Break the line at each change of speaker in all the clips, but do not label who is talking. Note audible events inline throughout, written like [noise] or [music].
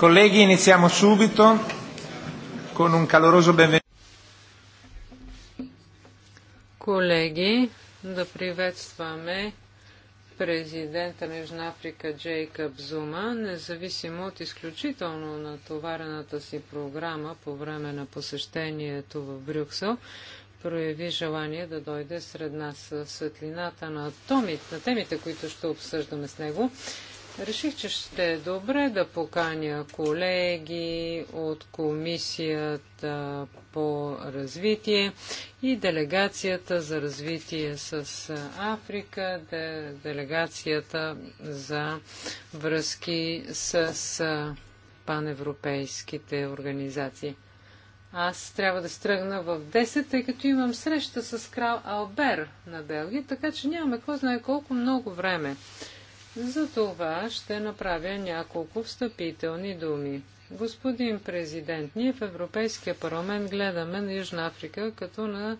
Colleghi, iniziamo subito con un caloroso benvenuto. Колеги, да приветстваме президента на Южна Африка Джейкъб Зума, независимо от изключително натоварената си програма по време на посещението в Брюксел, прояви желание да дойде сред нас светлината на, томит, на темите, които ще обсъждаме с него. Реших, че ще е добре да поканя колеги от Комисията по развитие и Делегацията за развитие с Африка, Делегацията за връзки с паневропейските организации. Аз трябва да стръгна в 10, тъй като имам среща с крал Албер на Белгия, така че нямаме кой знае колко много време. За това ще направя няколко встъпителни думи. Господин президент, ние в Европейския парламент гледаме на Южна Африка като на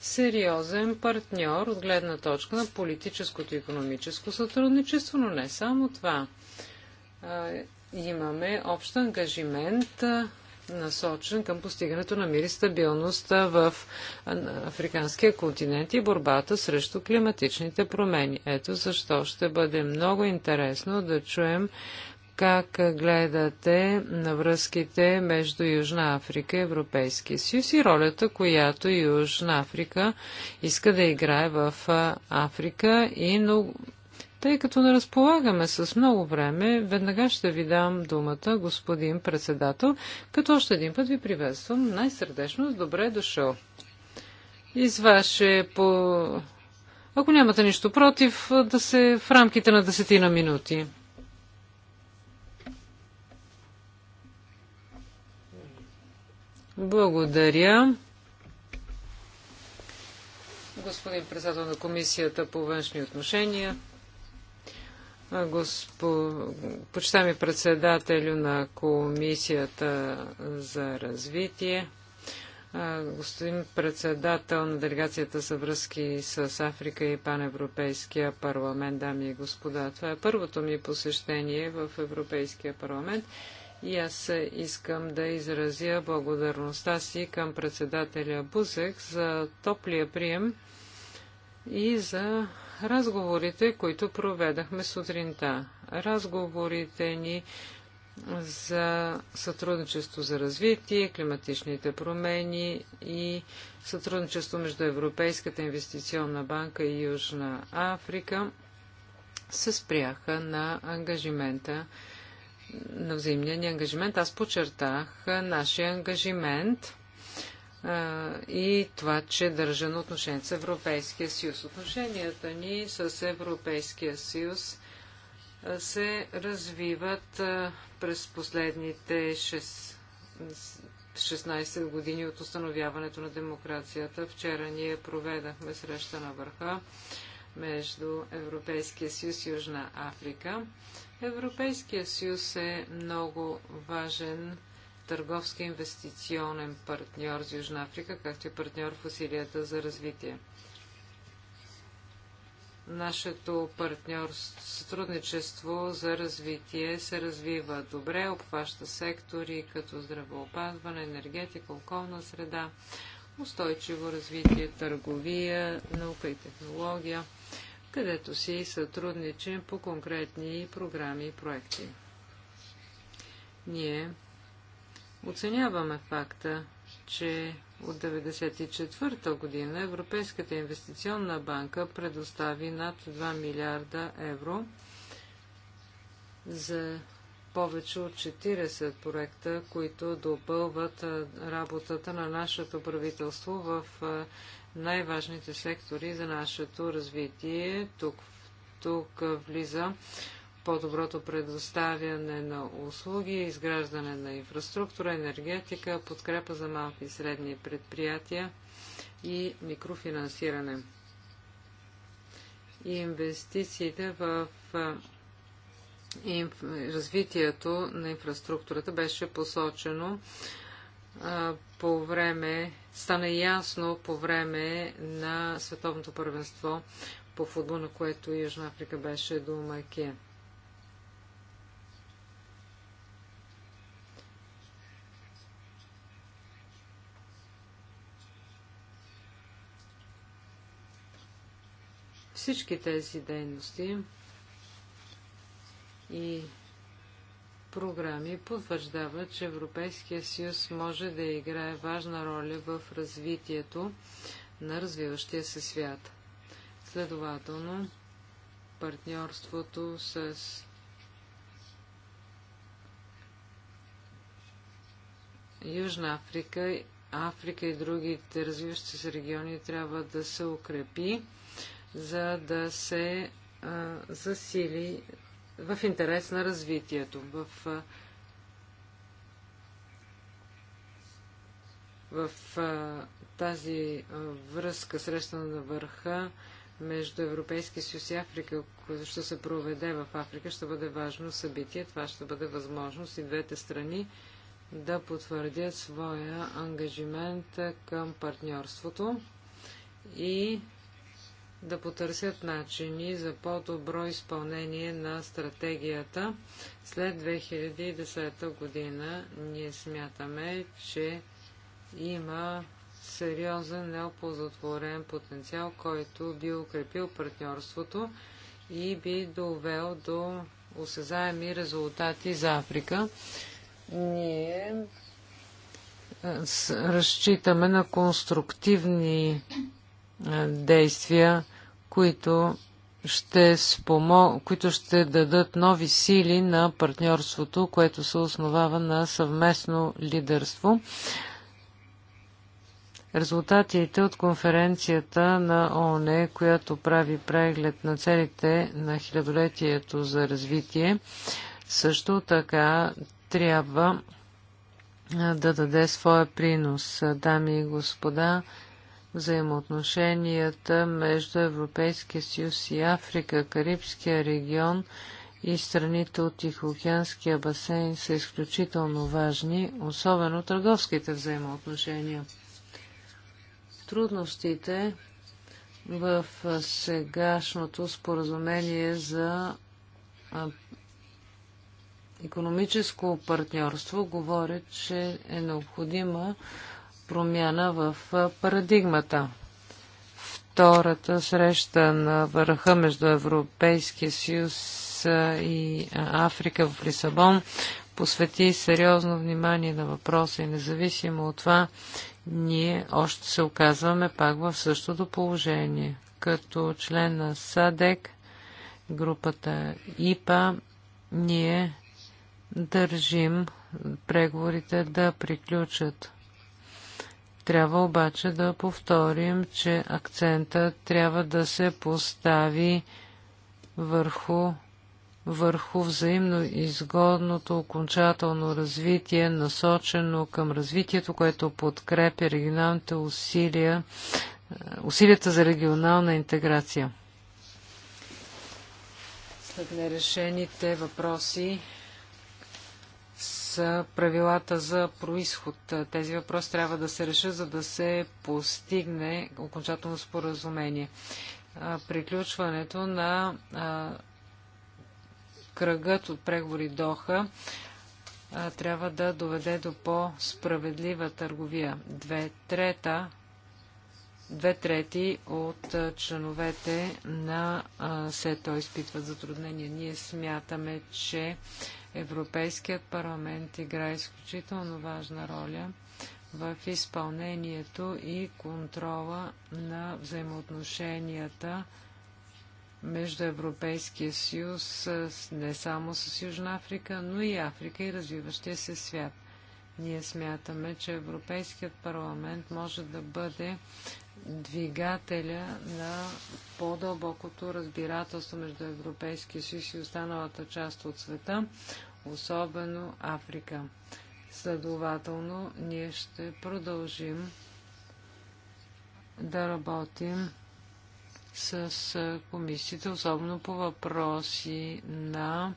сериозен партньор от гледна точка на политическото и економическо сътрудничество, но не само това. имаме общ ангажимент насочен към постигането на мир и стабилност в африканския континент и борбата срещу климатичните промени. Ето защо ще бъде много интересно да чуем как гледате на връзките между Южна Африка и Европейския съюз и ролята, която Южна Африка иска да играе в Африка и тъй като не разполагаме с много време, веднага ще ви дам думата, господин председател, като още един път ви приветствам най-сърдечно с добре е дошъл. Из ваше по... Ако нямате нищо против, да се в рамките на десетина минути. Благодаря. Господин председател на Комисията по външни отношения, Госпо... Почитаме председателю на Комисията за развитие, господин председател на делегацията за връзки с Африка и Паневропейския парламент, дами и господа. Това е първото ми посещение в Европейския парламент и аз искам да изразя благодарността си към председателя Бузек за топлия прием и за разговорите, които проведахме сутринта. Разговорите ни за сътрудничество за развитие, климатичните промени и сътрудничество между Европейската инвестиционна банка и Южна Африка се спряха на ангажимента, на взаимния ни ангажимент. Аз почертах нашия ангажимент и това, че държа на отношение с Европейския съюз. Отношенията ни с Европейския съюз се развиват през последните 6, 16 години от установяването на демокрацията. Вчера ние проведахме среща на върха между Европейския съюз и Южна Африка. Европейския съюз е много важен търговски инвестиционен партньор с Южна Африка, както и партньор в усилията за развитие. Нашето партньорство, сътрудничество за развитие се развива добре, обхваща сектори като здравеопазване, енергетика, околна среда, устойчиво развитие, търговия, наука и технология, където си сътрудничим по конкретни програми и проекти. Ние Оценяваме факта, че от 1994 година Европейската инвестиционна банка предостави над 2 милиарда евро за повече от 40 проекта, които допълват работата на нашето правителство в най-важните сектори за нашето развитие. Тук, тук влиза по-доброто предоставяне на услуги, изграждане на инфраструктура, енергетика, подкрепа за малки и средни предприятия и микрофинансиране. И инвестициите в развитието на инфраструктурата беше посочено по време, стана ясно по време на Световното първенство по футбол, на което Южна Африка беше домакин. всички тези дейности и програми потвърждава, че Европейския съюз може да играе важна роля в развитието на развиващия се свят. Следователно, партньорството с Южна Африка, Африка и другите развиващи се региони трябва да се укрепи за да се а, засили в интерес на развитието. В, а, в а, тази а, връзка срещана на върха между Европейския съюз и Африка, ще се проведе в Африка, ще бъде важно събитие. Това ще бъде възможност и двете страни да потвърдят своя ангажимент към партньорството и да потърсят начини за по-добро изпълнение на стратегията след 2010 година. Ние смятаме, че има сериозен неоползотворен потенциал, който би укрепил партньорството и би довел до осезаеми резултати за Африка. Ние разчитаме на конструктивни действия, които ще, спомо... които ще дадат нови сили на партньорството, което се основава на съвместно лидерство. Резултатите от конференцията на ООН, която прави преглед на целите на хилядолетието за развитие, също така трябва да даде своя принос. Дами и господа, взаимоотношенията между Европейския съюз и Африка, Карибския регион и страните от Тихоокеанския басейн са изключително важни, особено търговските взаимоотношения. Трудностите в сегашното споразумение за економическо партньорство говорят, че е необходима промяна в парадигмата. Втората среща на върха между Европейския съюз и Африка в Лисабон посвети сериозно внимание на въпроса и независимо от това, ние още се оказваме пак в същото положение. Като член на САДЕК, групата ИПА, ние държим преговорите да приключат. Трябва обаче да повторим, че акцента трябва да се постави върху, върху взаимно изгодното окончателно развитие, насочено към развитието, което подкрепя регионалните усилия, усилията за регионална интеграция. След нерешените въпроси са правилата за происход. Тези въпроси трябва да се решат, за да се постигне окончателно споразумение. Приключването на кръгът от преговори Доха трябва да доведе до по-справедлива търговия. Две, трета, две трети от членовете на СЕТО изпитват затруднения. Ние смятаме, че Европейският парламент играе изключително важна роля в изпълнението и контрола на взаимоотношенията между Европейския съюз не само с Южна Африка, но и Африка и развиващия се свят. Ние смятаме, че Европейският парламент може да бъде двигателя на по-дълбокото разбирателство между Европейския съюз и останалата част от света особено Африка. Следователно, ние ще продължим да работим с комисиите, особено по въпроси на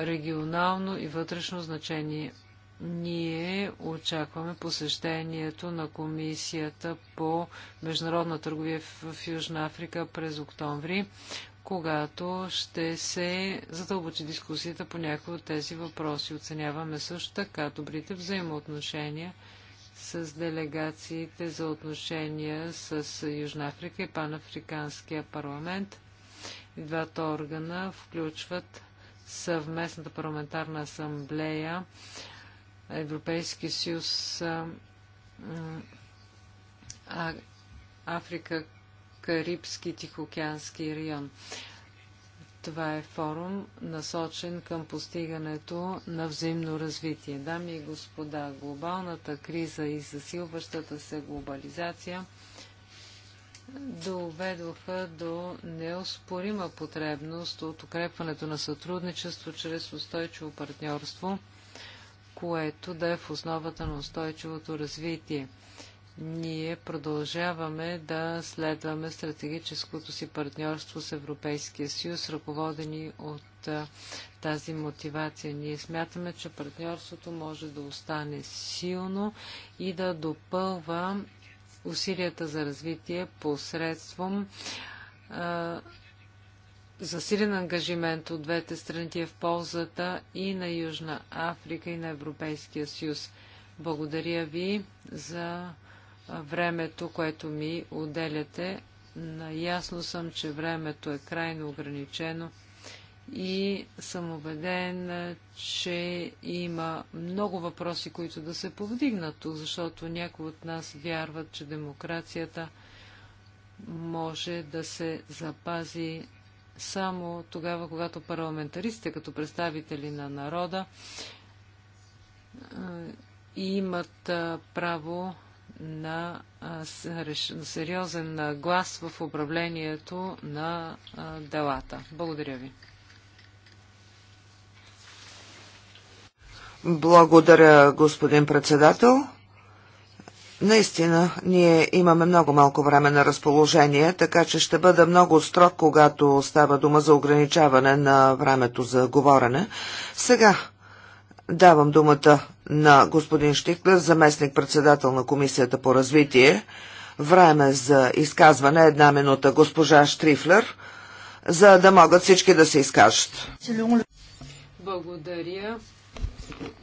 регионално и вътрешно значение. Ние очакваме посещението на комисията по международна търговия в Южна Африка през октомври когато ще се задълбочи дискусията по някои от тези въпроси. Оценяваме също така добрите взаимоотношения с делегациите за отношения с Южна Африка и Панафриканския парламент. И двата органа включват съвместната парламентарна асамблея Европейски съюз Африка Карибски Тихоокеански район. Това е форум, насочен към постигането на взаимно развитие. Дами и господа, глобалната криза и засилващата се глобализация доведоха до неоспорима потребност от укрепването на сътрудничество чрез устойчиво партньорство, което да е в основата на устойчивото развитие ние продължаваме да следваме стратегическото си партньорство с Европейския съюз, ръководени от тази мотивация. Ние смятаме, че партньорството може да остане силно и да допълва усилията за развитие посредством засилен ангажимент от двете страни в ползата и на Южна Африка и на Европейския съюз. Благодаря ви за времето, което ми отделяте. Наясно съм, че времето е крайно ограничено и съм убеден, че има много въпроси, които да се повдигнат, защото някои от нас вярват, че демокрацията може да се запази само тогава, когато парламентаристите, като представители на народа, имат право на сериозен глас в управлението на делата. Благодаря ви.
Благодаря, господин председател. Наистина, ние имаме много малко време на разположение, така че ще бъда много строг, когато става дума за ограничаване на времето за говорене. Сега Давам думата на господин Штихлер, заместник-председател на Комисията по развитие. Време за изказване една минута госпожа Штрифлер, за да могат всички да се изкажат.
Благодаря.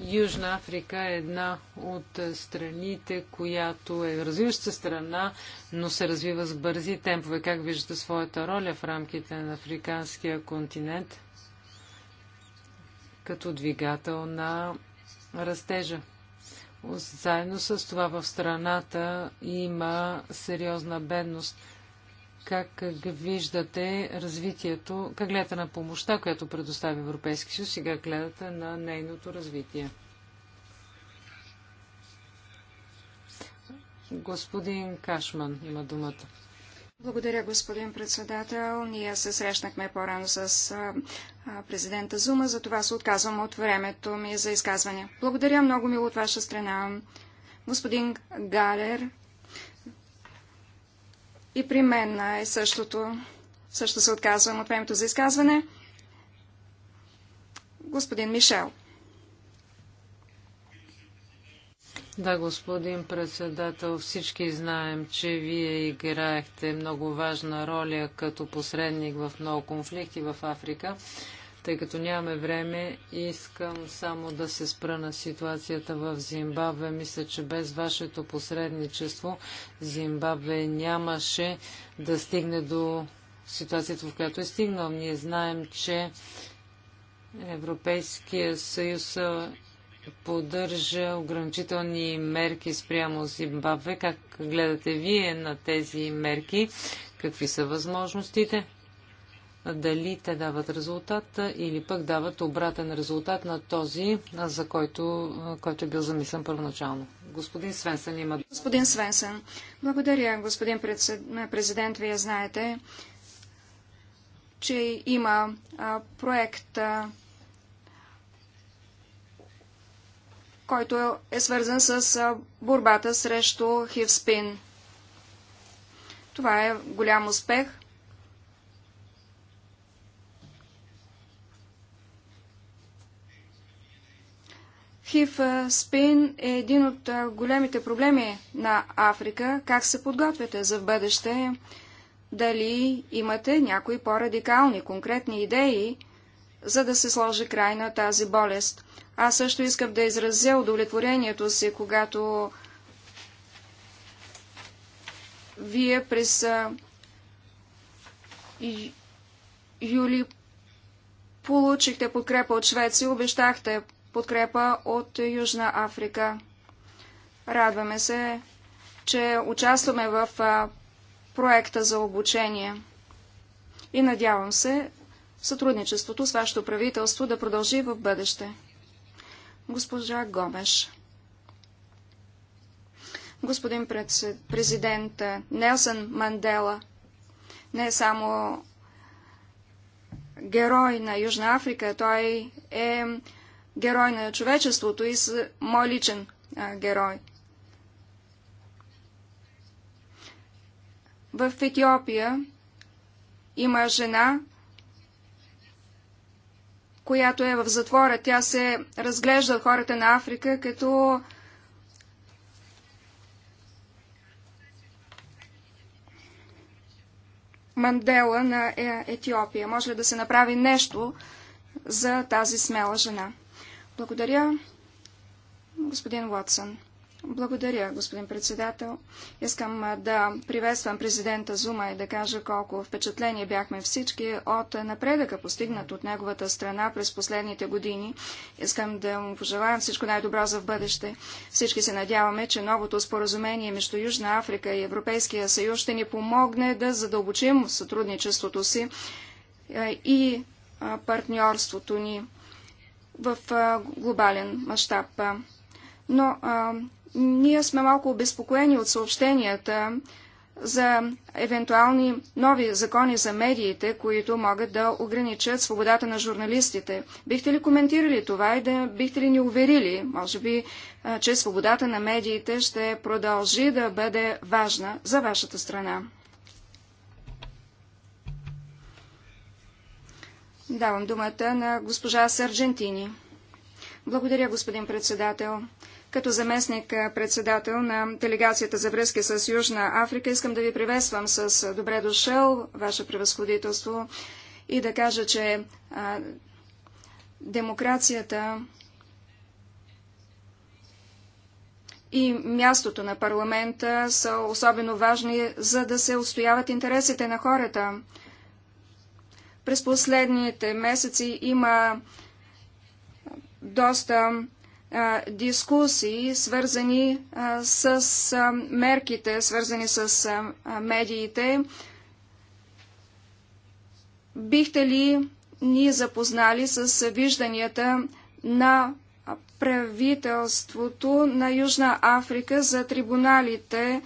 Южна Африка е една от страните, която е развиваща страна, но се развива с бързи темпове. Как виждате своята роля в рамките на африканския континент? като двигател на растежа. Заедно с това в страната има сериозна бедност. Как виждате развитието, как гледате на помощта, която предоставя Европейски съюз, сега гледате на нейното развитие? Господин Кашман има думата.
Благодаря, господин председател. Ние се срещнахме по-рано с президента Зума, за това се отказвам от времето ми за изказване. Благодаря много мило от ваша страна. Господин Галер, и при мен е същото. Също се отказвам от времето за изказване. Господин Мишел.
Да, господин председател, всички знаем, че вие играехте много важна роля като посредник в много конфликти в Африка. Тъй като нямаме време, искам само да се спра на ситуацията в Зимбабве. Мисля, че без вашето посредничество Зимбабве нямаше да стигне до ситуацията, в която е стигнал. Ние знаем, че Европейския съюз поддържа ограничителни мерки спрямо Зимбабве. Как гледате вие на тези мерки? Какви са възможностите? Дали те дават резултат или пък дават обратен резултат на този, за който, който е бил замислен първоначално? Господин Свенсън има.
Господин Свенсън, благодаря, господин президент. Вие знаете, че има проект който е свързан с борбата срещу хивспин. Това е голям успех. Хив спин е един от големите проблеми на Африка. Как се подготвяте за в бъдеще? Дали имате някои по-радикални, конкретни идеи за да се сложи край на тази болест. Аз също искам да изразя удовлетворението си, когато вие през юли получихте подкрепа от Швеция, обещахте подкрепа от Южна Африка. Радваме се, че участваме в проекта за обучение и надявам се сътрудничеството с вашето правителство да продължи в бъдеще. Госпожа Гомеш Господин президент Нелсън Мандела не е само герой на Южна Африка, той е герой на човечеството и с... мой личен а, герой. В Етиопия има жена, която е в затвора. Тя се разглежда от хората на Африка като Мандела на е, Етиопия. Може ли да се направи нещо за тази смела жена? Благодаря, господин Уотсън. Благодаря, господин председател. Искам да приветствам президента Зума и да кажа колко впечатление бяхме всички от напредъка, постигнат от неговата страна през последните години. Искам да му пожелаем всичко най-добро за в бъдеще. Всички се надяваме, че новото споразумение между Южна Африка и Европейския съюз ще ни помогне да задълбочим сътрудничеството си и партньорството ни в глобален мащаб но а, ние сме малко обезпокоени от съобщенията за евентуални нови закони за медиите, които могат да ограничат свободата на журналистите. Бихте ли коментирали това и да бихте ли ни уверили, може би, че свободата на медиите ще продължи да бъде важна за вашата страна? Давам думата на госпожа Сарджентини. Благодаря, господин председател. Като заместник председател на делегацията за връзки с Южна Африка, искам да ви приветствам с добре дошъл, ваше превъзходителство, и да кажа, че а, демокрацията и мястото на парламента са особено важни, за да се устояват интересите на хората. През последните месеци има доста дискусии, свързани с мерките, свързани с медиите. Бихте ли ни запознали с вижданията на правителството на Южна Африка за трибуналите,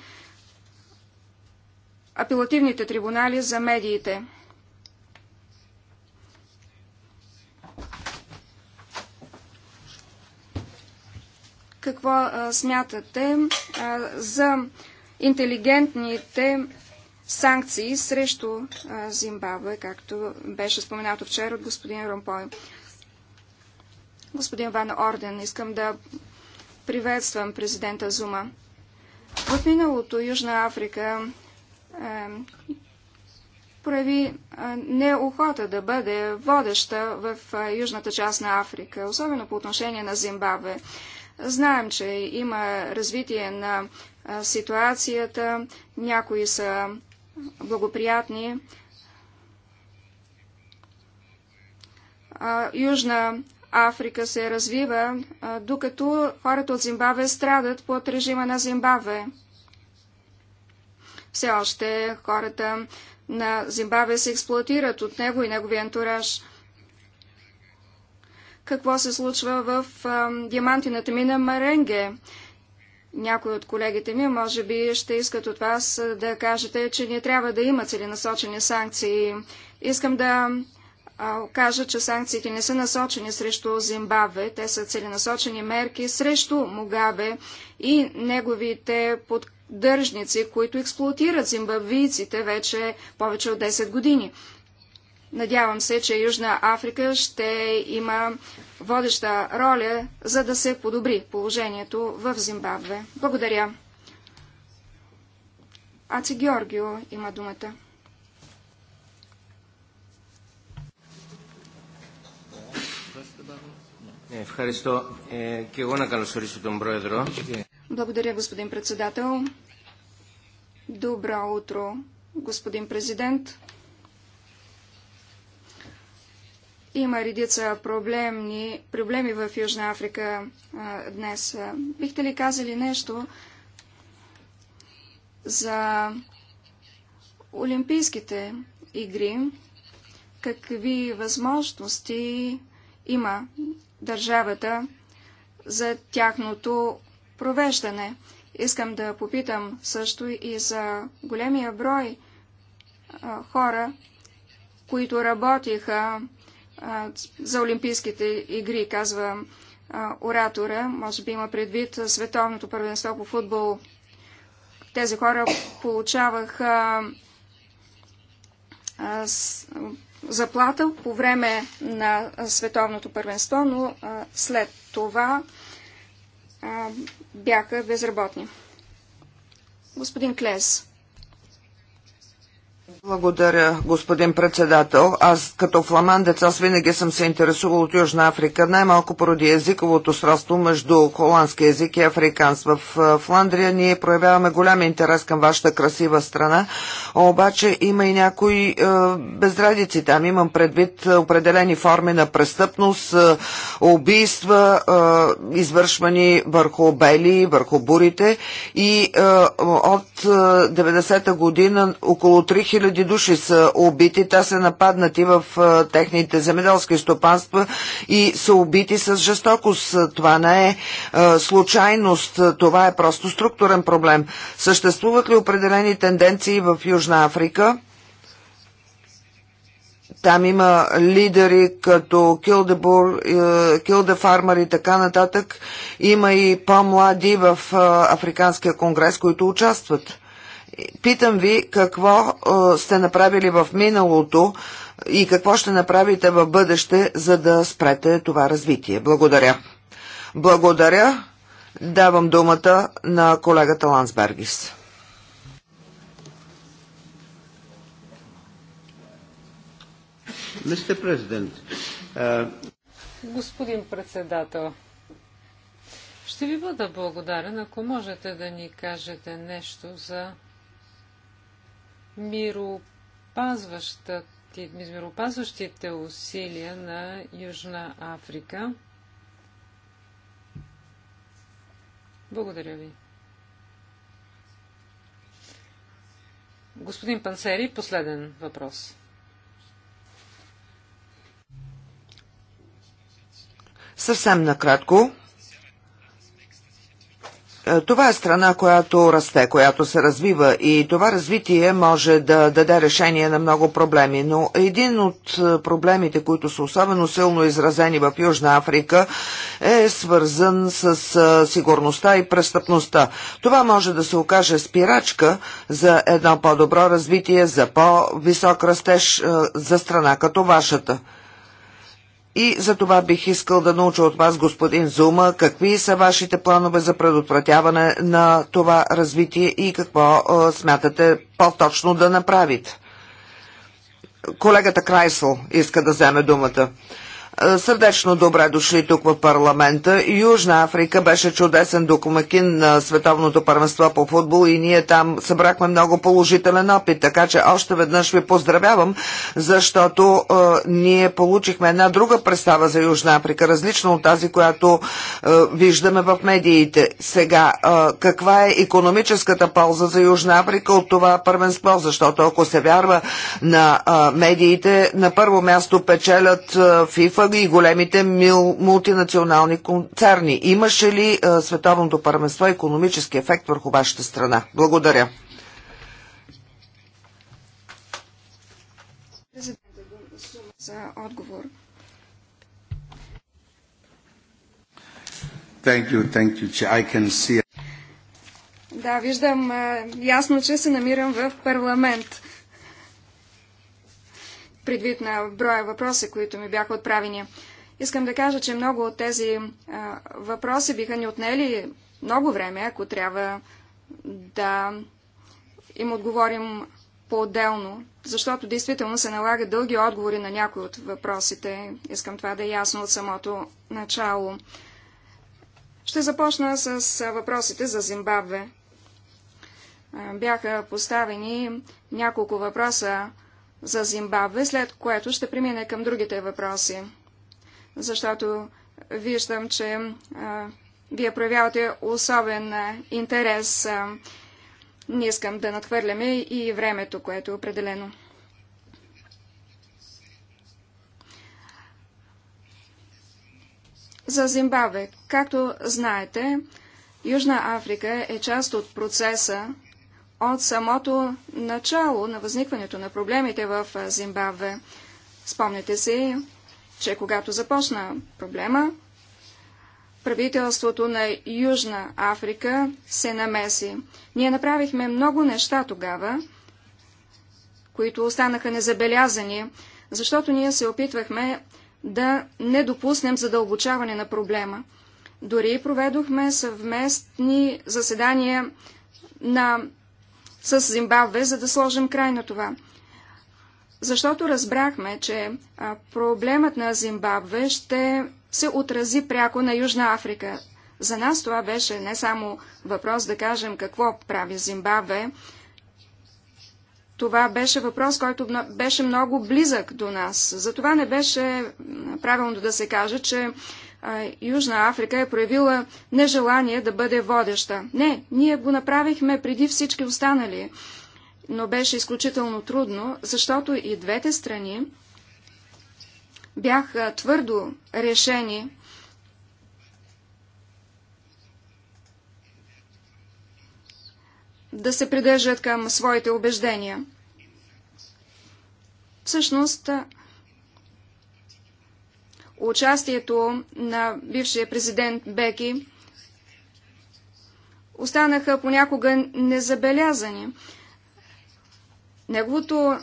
апелативните трибунали за медиите? какво а, смятате а, за интелигентните санкции срещу а, Зимбабве, както беше споменато вчера от господин Ромпой. Господин Ван Орден, искам да приветствам президента Зума. В миналото Южна Африка е, прояви неохота да бъде водеща в южната част на Африка, особено по отношение на Зимбабве. Знаем, че има развитие на ситуацията, някои са благоприятни. Южна Африка се развива, докато хората от Зимбабве страдат под режима на Зимбабве. Все още хората на Зимбабве се експлуатират от него и неговия антураж – какво се случва в а, диамантината мина Маренге. Някои от колегите ми може би ще искат от вас да кажете, че не трябва да има целенасочени санкции. Искам да кажа, че санкциите не са насочени срещу Зимбабве, те са целенасочени мерки срещу Мугабе и неговите поддържници, които експлуатират зимбабвийците вече повече от 10 години. Надявам се, че Южна Африка ще има водеща роля, за да се подобри положението в Зимбабве. Благодаря. Аци Георгио има думата.
Е, е,
Благодаря, господин председател. Добро утро, господин президент. Има редица проблемни, проблеми в Южна Африка а, днес. Бихте ли казали нещо за Олимпийските игри? Какви възможности има държавата за тяхното провеждане? Искам да попитам също и за големия брой а, хора, които работиха за Олимпийските игри, казва оратора, може би има предвид Световното първенство по футбол. Тези хора получаваха заплата по време на Световното първенство, но след това бяха безработни. Господин Клес.
Благодаря, господин председател. Аз като фламандец, аз винаги съм се интересувал от Южна Африка, най-малко поради езиковото сродство между холандски език и африканс. В Фландрия ние проявяваме голям интерес към вашата красива страна, обаче има и някои е, безредици там. Имам предвид определени форми на престъпност, е, убийства, е, извършвани върху бели, върху бурите и е, от 90-та година около 3000 хиляди души са убити, те са нападнати в техните земеделски стопанства и са убити с жестокост. Това не е случайност, това е просто структурен проблем. Съществуват ли определени тенденции в Южна Африка? Там има лидери като Килдебур, Фармър и така нататък. Има и по-млади в Африканския конгрес, които участват. Питам ви какво сте направили в миналото и какво ще направите в бъдеще, за да спрете това развитие. Благодаря. Благодаря. Давам думата на колегата Лансбергис.
Господин председател, ще ви бъда благодарен, ако можете да ни кажете нещо за миропазващите усилия на Южна Африка. Благодаря ви. Господин Пансери, последен въпрос.
Съвсем накратко. Е, това е страна, която расте, която се развива и това развитие може да даде решение на много проблеми, но един от е, проблемите, които са особено силно изразени в Южна Африка, е свързан с е, сигурността и престъпността. Това може да се окаже спирачка за едно по-добро развитие, за по-висок растеж за страна като вашата. И за това бих искал да науча от вас, господин Зума, какви са вашите планове за предотвратяване на това развитие и какво а, смятате по-точно да направите. Колегата Крайсъл иска да вземе думата. Е, сърдечно добре дошли тук в парламента. Южна Африка беше чудесен докумакин на Световното първенство по футбол и ние там събрахме много положителен опит, така че още веднъж ви поздравявам, защото е, ние получихме една друга представа за Южна Африка, различна от тази, която е, виждаме в медиите. Сега, е, каква е економическата полза за Южна Африка от това първенство, защото ако се вярва на е, медиите, на първо място печелят е, FIFA включвали и големите мултинационални концерни. Имаше ли е, световното първенство економически ефект върху вашата страна? Благодаря.
За отговор. Thank you, thank you. I can see... Да, виждам е, ясно, че се намирам в парламент предвид на броя въпроси, които ми бяха отправени. Искам да кажа, че много от тези а, въпроси биха ни отнели много време, ако трябва да им отговорим по-отделно, защото действително се налагат дълги отговори на някои от въпросите. Искам това да е ясно от самото начало. Ще започна с въпросите за Зимбабве. Бяха поставени няколко въпроса за Зимбабве, след което ще премине към другите въпроси. Защото виждам, че а, вие проявявате особен а, интерес. А, не искам да надхвърляме и времето, което е определено. За Зимбабве, както знаете, Южна Африка е част от процеса от самото начало на възникването на проблемите в Зимбабве. Спомняте си, че когато започна проблема, правителството на Южна Африка се намеси. Ние направихме много неща тогава, които останаха незабелязани, защото ние се опитвахме да не допуснем задълбочаване на проблема. Дори проведохме съвместни заседания на с Зимбабве, за да сложим край на това. Защото разбрахме, че проблемът на Зимбабве ще се отрази пряко на Южна Африка. За нас това беше не само въпрос да кажем какво прави Зимбабве, това беше въпрос, който беше много близък до нас. Затова не беше правилно да се каже, че Южна Африка е проявила нежелание да бъде водеща. Не, ние го направихме преди всички останали, но беше изключително трудно, защото и двете страни бяха твърдо решени да се придържат към своите убеждения. Всъщност, участието на бившия президент Беки останаха понякога незабелязани. Неговото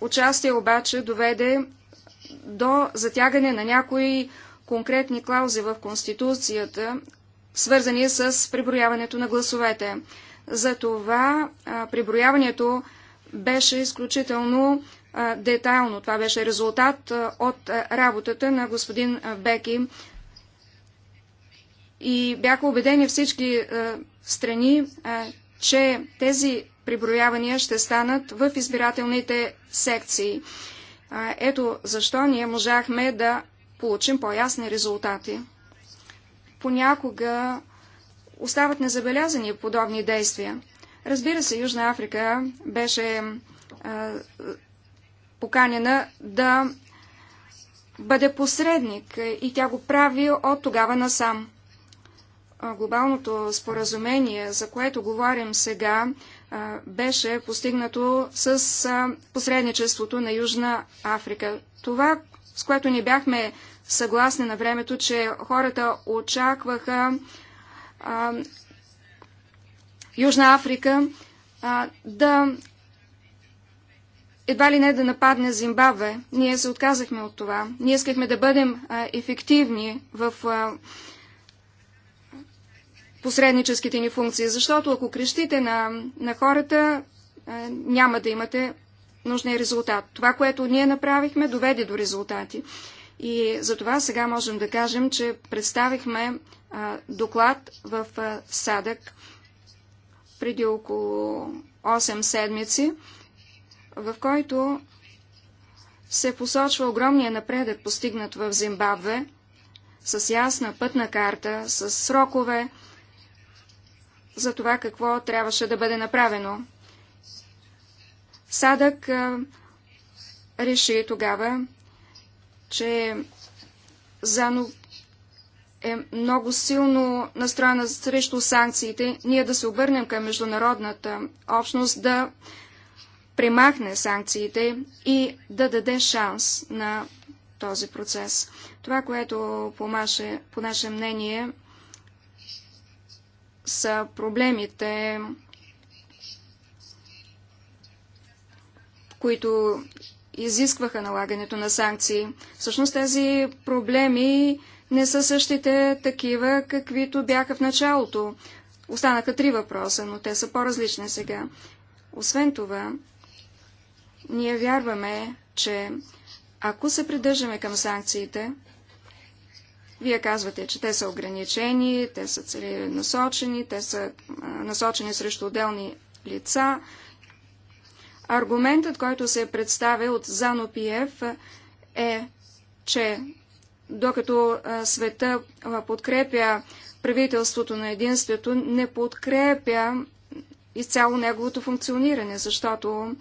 участие обаче доведе до затягане на някои конкретни клаузи в Конституцията, свързани с приброяването на гласовете. Затова приброяването беше изключително детайлно. Това беше резултат от работата на господин Беки. И бяха убедени всички страни, че тези приброявания ще станат в избирателните секции. Ето защо ние можахме да получим по-ясни резултати. Понякога остават незабелязани подобни действия. Разбира се, Южна Африка беше поканена да бъде посредник и тя го прави от тогава насам. Глобалното споразумение, за което говорим сега, беше постигнато с посредничеството на Южна Африка. Това, с което ни бяхме съгласни на времето, че хората очакваха а, Южна Африка а, да едва ли не да нападне Зимбабве. Ние се отказахме от това. Ние искахме да бъдем ефективни в посредническите ни функции, защото ако крещите на, на хората, няма да имате нужния резултат. Това, което ние направихме, доведе до резултати. И за това сега можем да кажем, че представихме а, доклад в а, Садък преди около 8 седмици в който се посочва огромния напредък, постигнат в Зимбабве, с ясна пътна карта, с срокове за това какво трябваше да бъде направено. Садък реши тогава, че Зано е много силно настроена срещу санкциите, ние да се обърнем към международната общност, да премахне санкциите и да даде шанс на този процес. Това, което по, маше, по наше мнение са проблемите, които изискваха налагането на санкции. Всъщност тези проблеми не са същите такива, каквито бяха в началото. Останаха три въпроса, но те са по-различни сега. Освен това, ние вярваме, че ако се придържаме към санкциите, вие казвате, че те са ограничени, те са целенасочени, те са а, насочени срещу отделни лица. Аргументът, който се представя от Занопиев е, че докато а, света а, подкрепя правителството на единството, не подкрепя изцяло неговото функциониране, защото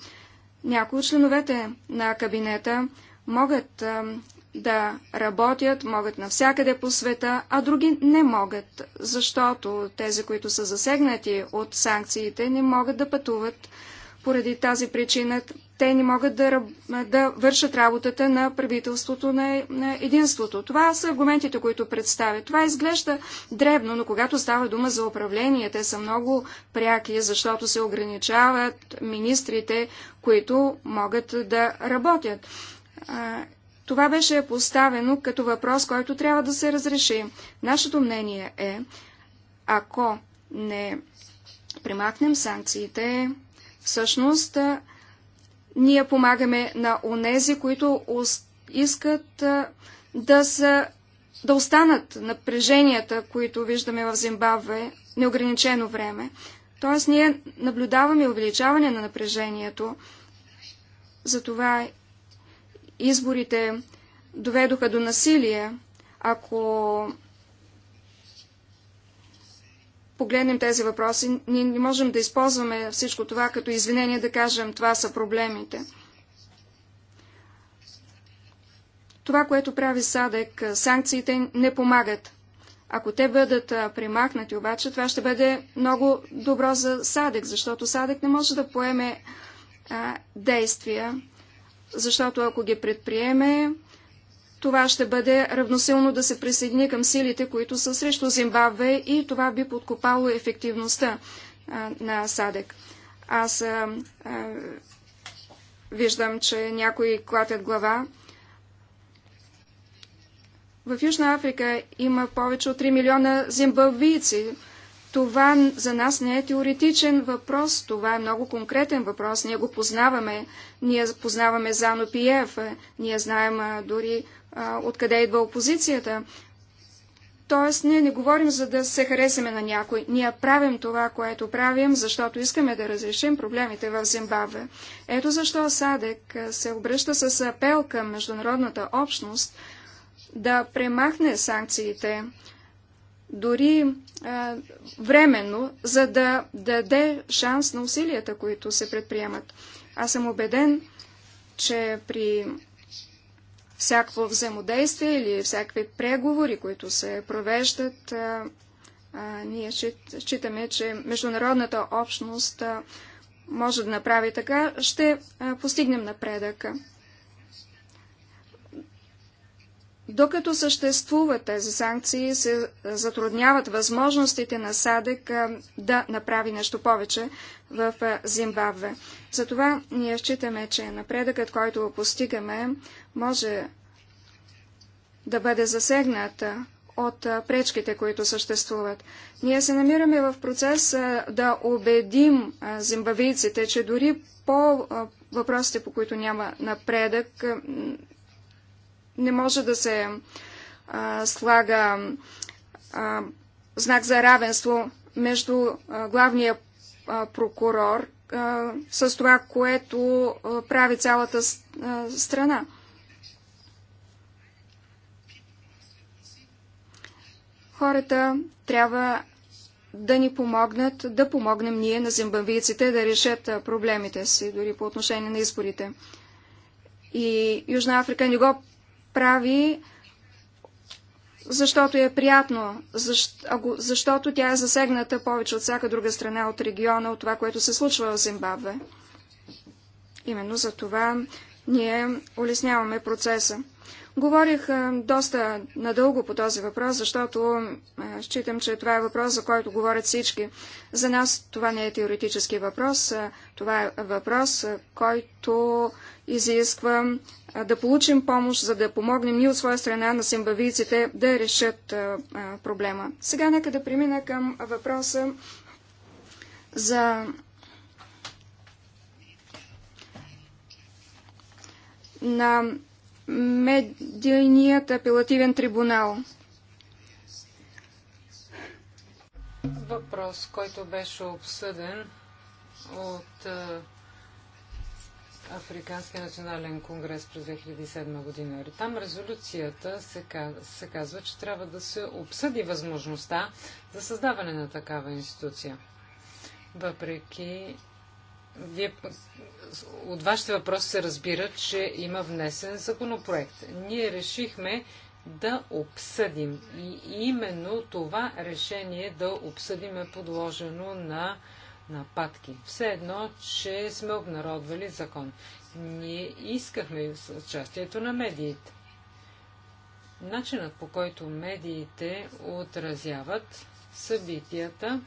някои от членовете на кабинета могат да работят, могат навсякъде по света, а други не могат, защото тези, които са засегнати от санкциите, не могат да пътуват поради тази причина те не могат да, да вършат работата на правителството на, на единството. Това са аргументите, които представят. Това изглежда дребно, но когато става дума за управление, те са много пряки, защото се ограничават министрите, които могат да работят. Това беше поставено като въпрос, който трябва да се разреши. Нашето мнение е, ако не примахнем санкциите, Всъщност, ние помагаме на онези, които искат да, са, да останат напреженията, които виждаме в Зимбабве неограничено време. Тоест, ние наблюдаваме увеличаване на напрежението. Затова изборите доведоха до насилие. Ако погледнем тези въпроси, ние не можем да използваме всичко това като извинение да кажем това са проблемите. Това, което прави САДЕК, санкциите не помагат. Ако те бъдат примахнати обаче, това ще бъде много добро за САДЕК, защото САДЕК не може да поеме а, действия, защото ако ги предприеме, това ще бъде равносилно да се присъедини към силите, които са срещу Зимбабве и това би подкопало ефективността а, на САДЕК. Аз а, а, виждам, че някои клатят глава. В Южна Африка има повече от 3 милиона зимбабвийци. Това за нас не е теоретичен въпрос, това е много конкретен въпрос. Ние го познаваме, ние познаваме Зано Пиев, ние знаем дори а, откъде идва опозицията. Тоест, ние не говорим за да се харесаме на някой. Ние правим това, което правим, защото искаме да разрешим проблемите в Зимбабве. Ето защо Садек се обръща с апел към международната общност да премахне санкциите, дори а, временно, за да даде шанс на усилията, които се предприемат. Аз съм убеден, че при всякакво взаимодействие или всякакви преговори, които се провеждат, ние считаме, че международната общност може да направи така, ще постигнем напредъка. Докато съществуват тези санкции, се е, затрудняват възможностите на САДЕК е, да направи нещо повече в е, Зимбабве. Затова ние считаме, че напредъкът, който постигаме, може да бъде засегнат от пречките, които съществуват. Ние се намираме в процес да убедим зимбавийците, че дори по въпросите, по които няма напредък, не може да се а, слага а, знак за равенство между а, главния а, прокурор а, с това, което а, прави цялата а, страна. Хората трябва да ни помогнат, да помогнем ние на зимбабвийците да решат проблемите си, дори по отношение на изборите. И Южна Африка не го прави, защото е приятно, защото тя е засегната повече от всяка друга страна от региона, от това, което се случва в Зимбабве. Именно за това ние улесняваме процеса. Говорих доста надълго по този въпрос, защото считам, че това е въпрос, за който говорят всички. За нас това не е теоретически въпрос, това е въпрос, който изисква да получим помощ, за да помогнем ние от своя страна на симбавийците да решат проблема. Сега нека да премина към въпроса за на медийният апелативен трибунал.
Въпрос, който беше обсъден от Африканския национален конгрес през 2007 година. Там резолюцията се казва, се казва, че трябва да се обсъди възможността за създаване на такава институция. Въпреки вие, от вашите въпроси се разбира, че има внесен законопроект. Ние решихме да обсъдим. И именно това решение да обсъдим е подложено на нападки. Все едно, че сме обнародвали закон. Ние искахме участието на медиите. Начинът по който медиите отразяват събитията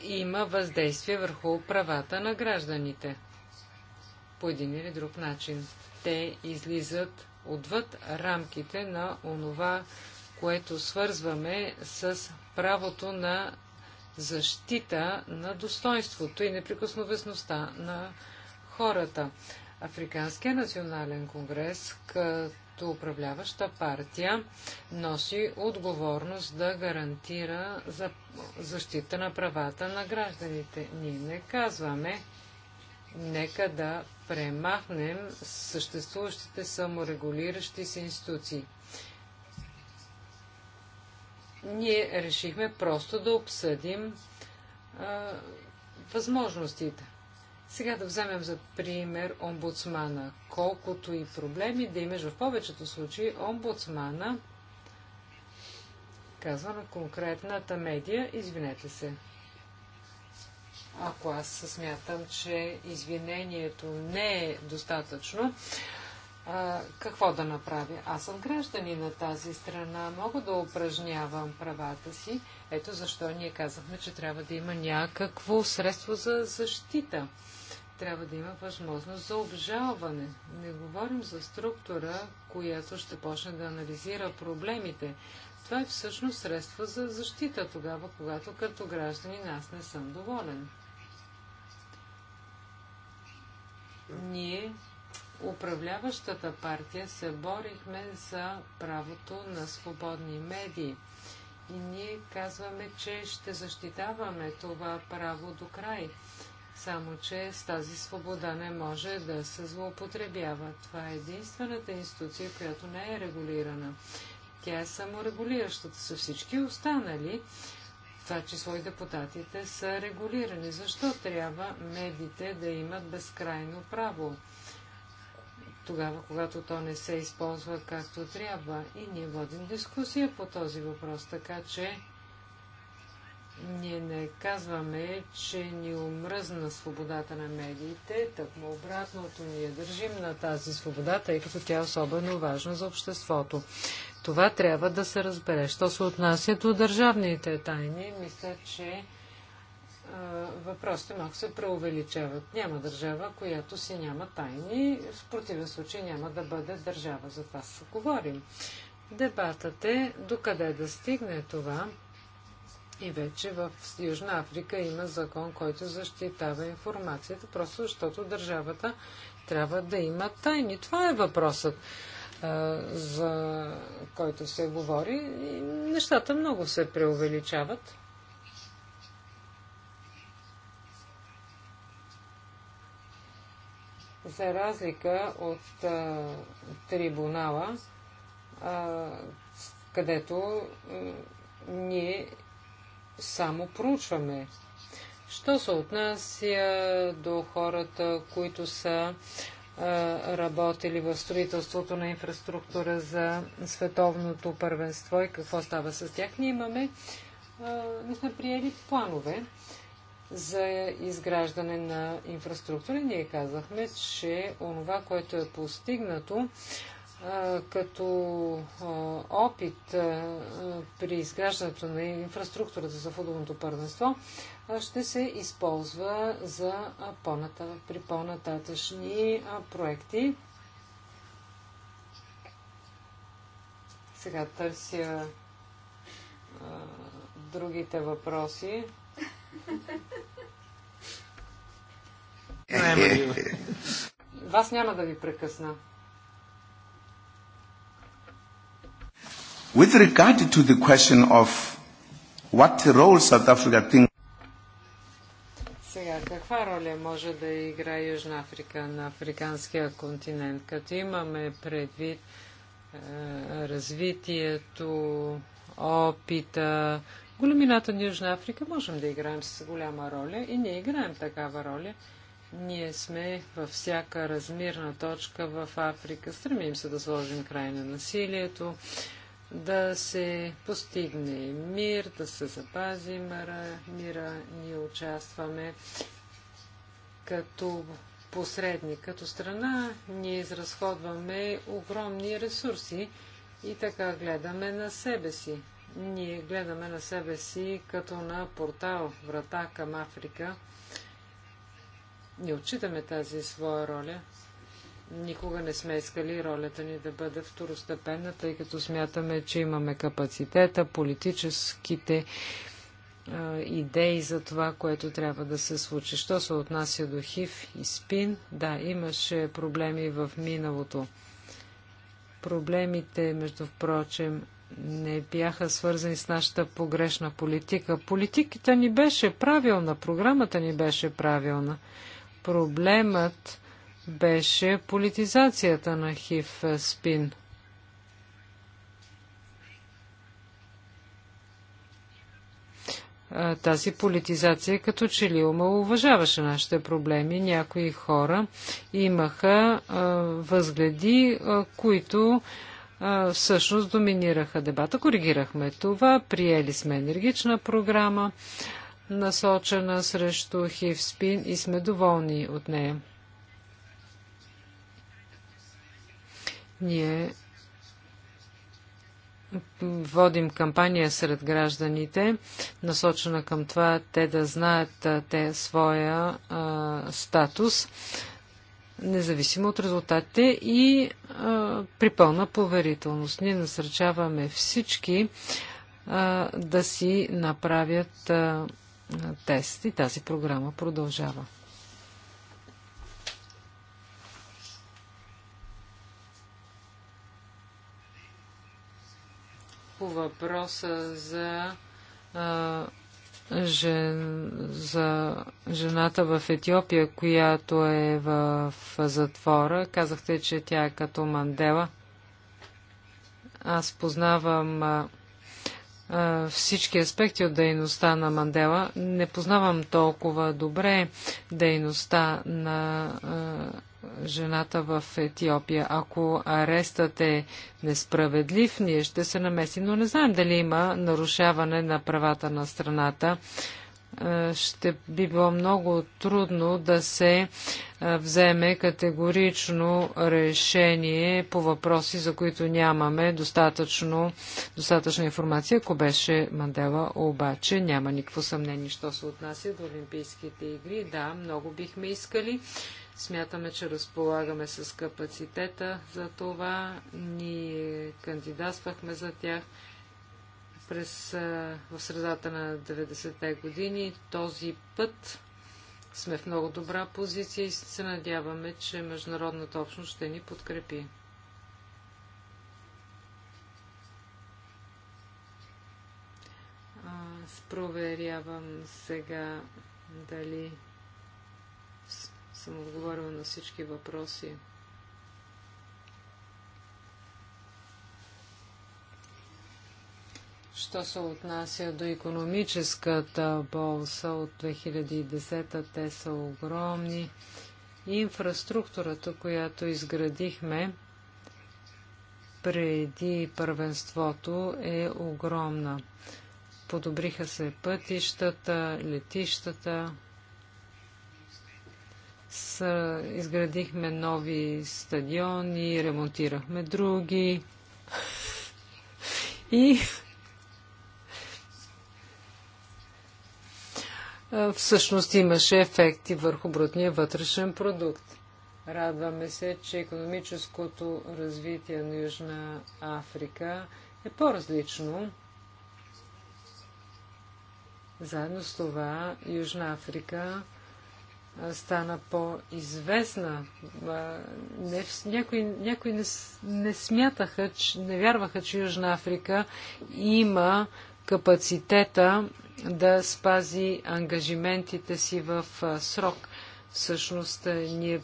има въздействие върху правата на гражданите. По един или друг начин. Те излизат отвъд рамките на онова, което свързваме с правото на защита на достоинството и неприкосновестността на хората. Африканския национален конгрес, като като управляваща партия носи отговорност да гарантира за защита на правата на гражданите. Ние не казваме, нека да премахнем съществуващите саморегулиращи се институции. Ние решихме просто да обсъдим а, възможностите. Сега да вземем за пример омбудсмана. Колкото и проблеми да имаш в повечето случаи, омбудсмана казва на е конкретната медия, извинете се. Ако аз смятам, че извинението не е достатъчно, а, какво да направя? Аз съм граждани на тази страна, мога да упражнявам правата си. Ето защо ние казахме, че трябва да има някакво средство за защита трябва да има възможност за обжалване. Не говорим за структура, която ще почне да анализира проблемите. Това е всъщност средство за защита тогава, когато като гражданин аз не съм доволен. Ние, управляващата партия, се борихме за правото на свободни медии. И ние казваме, че ще защитаваме това право до край. Само, че с тази свобода не може да се злоупотребява. Това е единствената институция, която не е регулирана. Тя е саморегулиращата са всички останали. Това число и депутатите са регулирани. Защо трябва медиите да имат безкрайно право? Тогава, когато то не се използва както трябва. И ние водим дискусия по този въпрос, така че ние не казваме, че ни омръзна свободата на медиите, тъкмо обратното ние държим на тази свобода, тъй като тя е особено важна за обществото. Това трябва да се разбере. Що се отнася до държавните тайни, мисля, че въпросите малко се преувеличават. Няма държава, която си няма тайни. В противен случай няма да бъде държава. За това се говорим. Дебатът е докъде да стигне това. И вече в Южна Африка има закон, който защитава информацията, просто защото държавата трябва да има тайни. Това е въпросът, за който се говори. И нещата много се преувеличават. За разлика от а, трибунала, а, където а, ние само проучваме. Що се отнася до хората, които са работили в строителството на инфраструктура за световното първенство и какво става с тях. Ние имаме, ние сме приели планове за изграждане на инфраструктура. Ние казахме, че онова, което е постигнато като опит при изграждането на инфраструктурата за футболното първенство ще се използва за при по-нататъчни проекти. Сега търся другите въпроси. [laughs] Е, е, е. Вас няма да ви прекъсна.
With regard to the question of what role South Africa thinks
сега, каква роля може да играе Южна Африка на африканския континент, като имаме предвид е, развитието, опита, големината на Южна Африка, можем да играем с голяма роля и ние играем такава роля. Ние сме във всяка размирна точка в Африка, стремим се да сложим край на насилието, да се постигне мир, да се запази мира, мира ние участваме като посредник, като страна, ние изразходваме огромни ресурси и така гледаме на себе си. Ние гледаме на себе си като на портал врата към Африка. Не отчитаме тази своя роля, Никога не сме искали ролята ни да бъде второстепенна, тъй като смятаме, че имаме капацитета, политическите а, идеи за това, което трябва да се случи. Що се отнася до ХИВ и СПИН? Да, имаше проблеми в миналото. Проблемите, между впрочем, не бяха свързани с нашата погрешна политика. Политиката ни беше правилна, програмата ни беше правилна. Проблемът беше политизацията на ХИВ спин. Тази политизация като че ли уважаваше нашите проблеми. Някои хора имаха а, възгледи, а, които а, всъщност доминираха дебата. Коригирахме това, приели сме енергична програма, насочена срещу ХИВ спин и сме доволни от нея. Ние водим кампания сред гражданите, насочена към това те да знаят те своя а, статус, независимо от резултатите и а, при пълна поверителност. Ние насърчаваме всички а, да си направят а, тест и тази програма продължава. въпроса за, а, жен, за жената в Етиопия, която е в, затвора. Казахте, че тя е като Мандела. Аз познавам а, а, всички аспекти от дейността на Мандела. Не познавам толкова добре дейността на. А, жената в Етиопия. Ако арестът е несправедлив, ние ще се намесим, но не знаем дали има нарушаване на правата на страната. Е, ще би било много трудно да се е, вземе категорично решение по въпроси, за които нямаме достатъчно, достатъчна информация. Ако беше Мандела, обаче няма никакво съмнение, що се отнася до Олимпийските игри. Да, много бихме искали Смятаме, че разполагаме с капацитета за това. Ние кандидатствахме за тях през, в средата на 90-те години. Този път сме в много добра позиция и се надяваме, че международната общност ще ни подкрепи. проверявам сега дали съм отговорила на всички въпроси. Що се отнася до економическата болса от 2010, те са огромни. Инфраструктурата, която изградихме преди първенството, е огромна. Подобриха се пътищата, летищата, изградихме нови стадиони, ремонтирахме други. И всъщност имаше ефекти върху брутния вътрешен продукт. Радваме се, че економическото развитие на Южна Африка е по-различно. Заедно с това Южна Африка стана по-известна. Някои, някои не, не смятаха, че, не вярваха, че Южна Африка има капацитета да спази ангажиментите си в срок. Всъщност, ние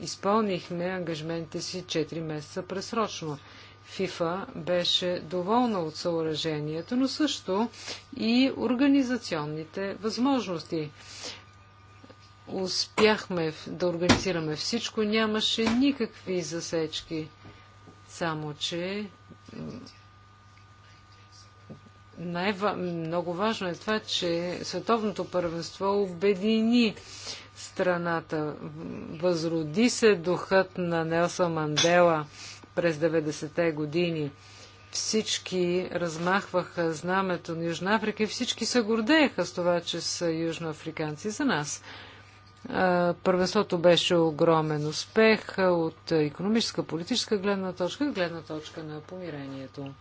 изпълнихме ангажиментите си 4 месеца пресрочно. ФИФА беше доволна от съоръжението, но също и организационните възможности успяхме да организираме всичко, нямаше никакви засечки. Само, че най много важно е това, че световното първенство обедини страната. Възроди се духът на Нелса Мандела през 90-те години. Всички размахваха знамето на Южна Африка и всички се гордееха с това, че са южноафриканци за нас. Първенството беше огромен успех от економическа, политическа гледна точка и гледна точка на помирението.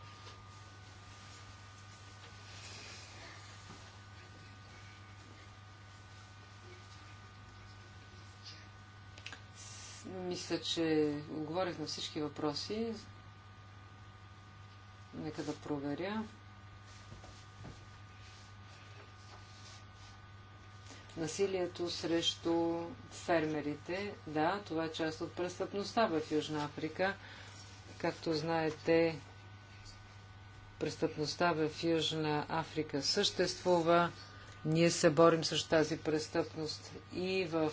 Мисля, че отговорих на всички въпроси. Нека да проверя. Насилието срещу фермерите, да, това е част от престъпността в Южна Африка. Както знаете, престъпността в Южна Африка съществува. Ние се борим с тази престъпност и в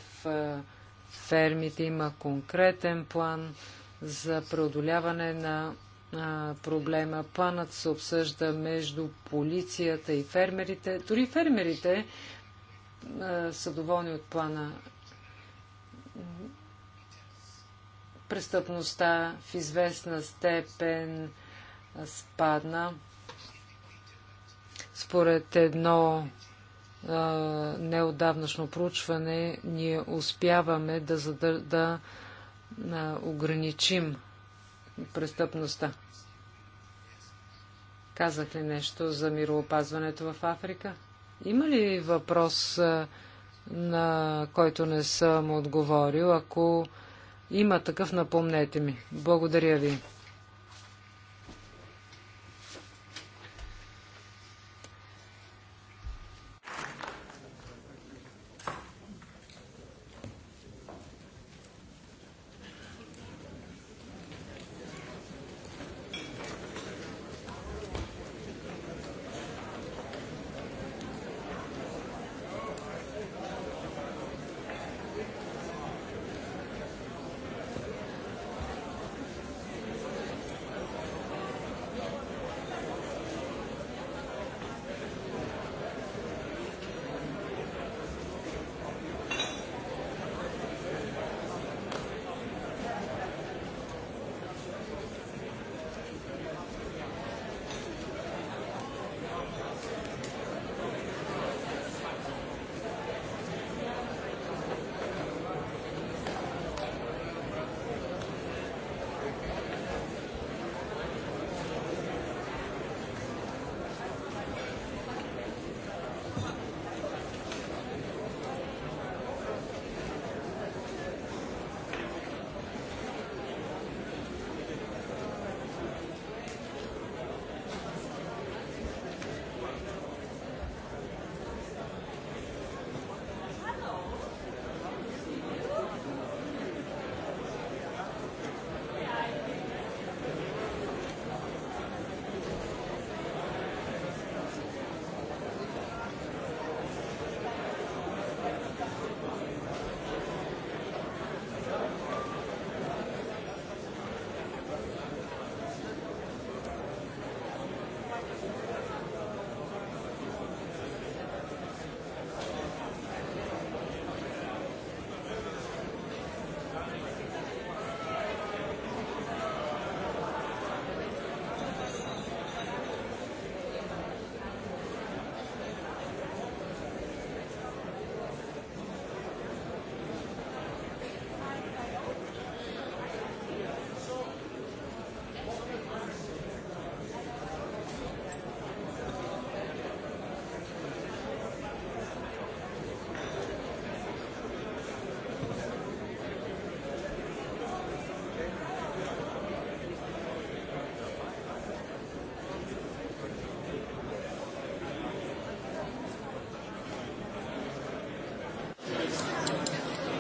фермите има конкретен план за преодоляване на проблема. Планът се обсъжда между полицията и фермерите. Дори фермерите са доволни от плана. Престъпността в известна степен спадна. Според едно неодавнашно проучване, ние успяваме да, задър... да а, ограничим престъпността. Казах ли нещо за мироопазването в Африка? Има ли въпрос, на който не съм отговорил? Ако има такъв, напомнете ми. Благодаря ви.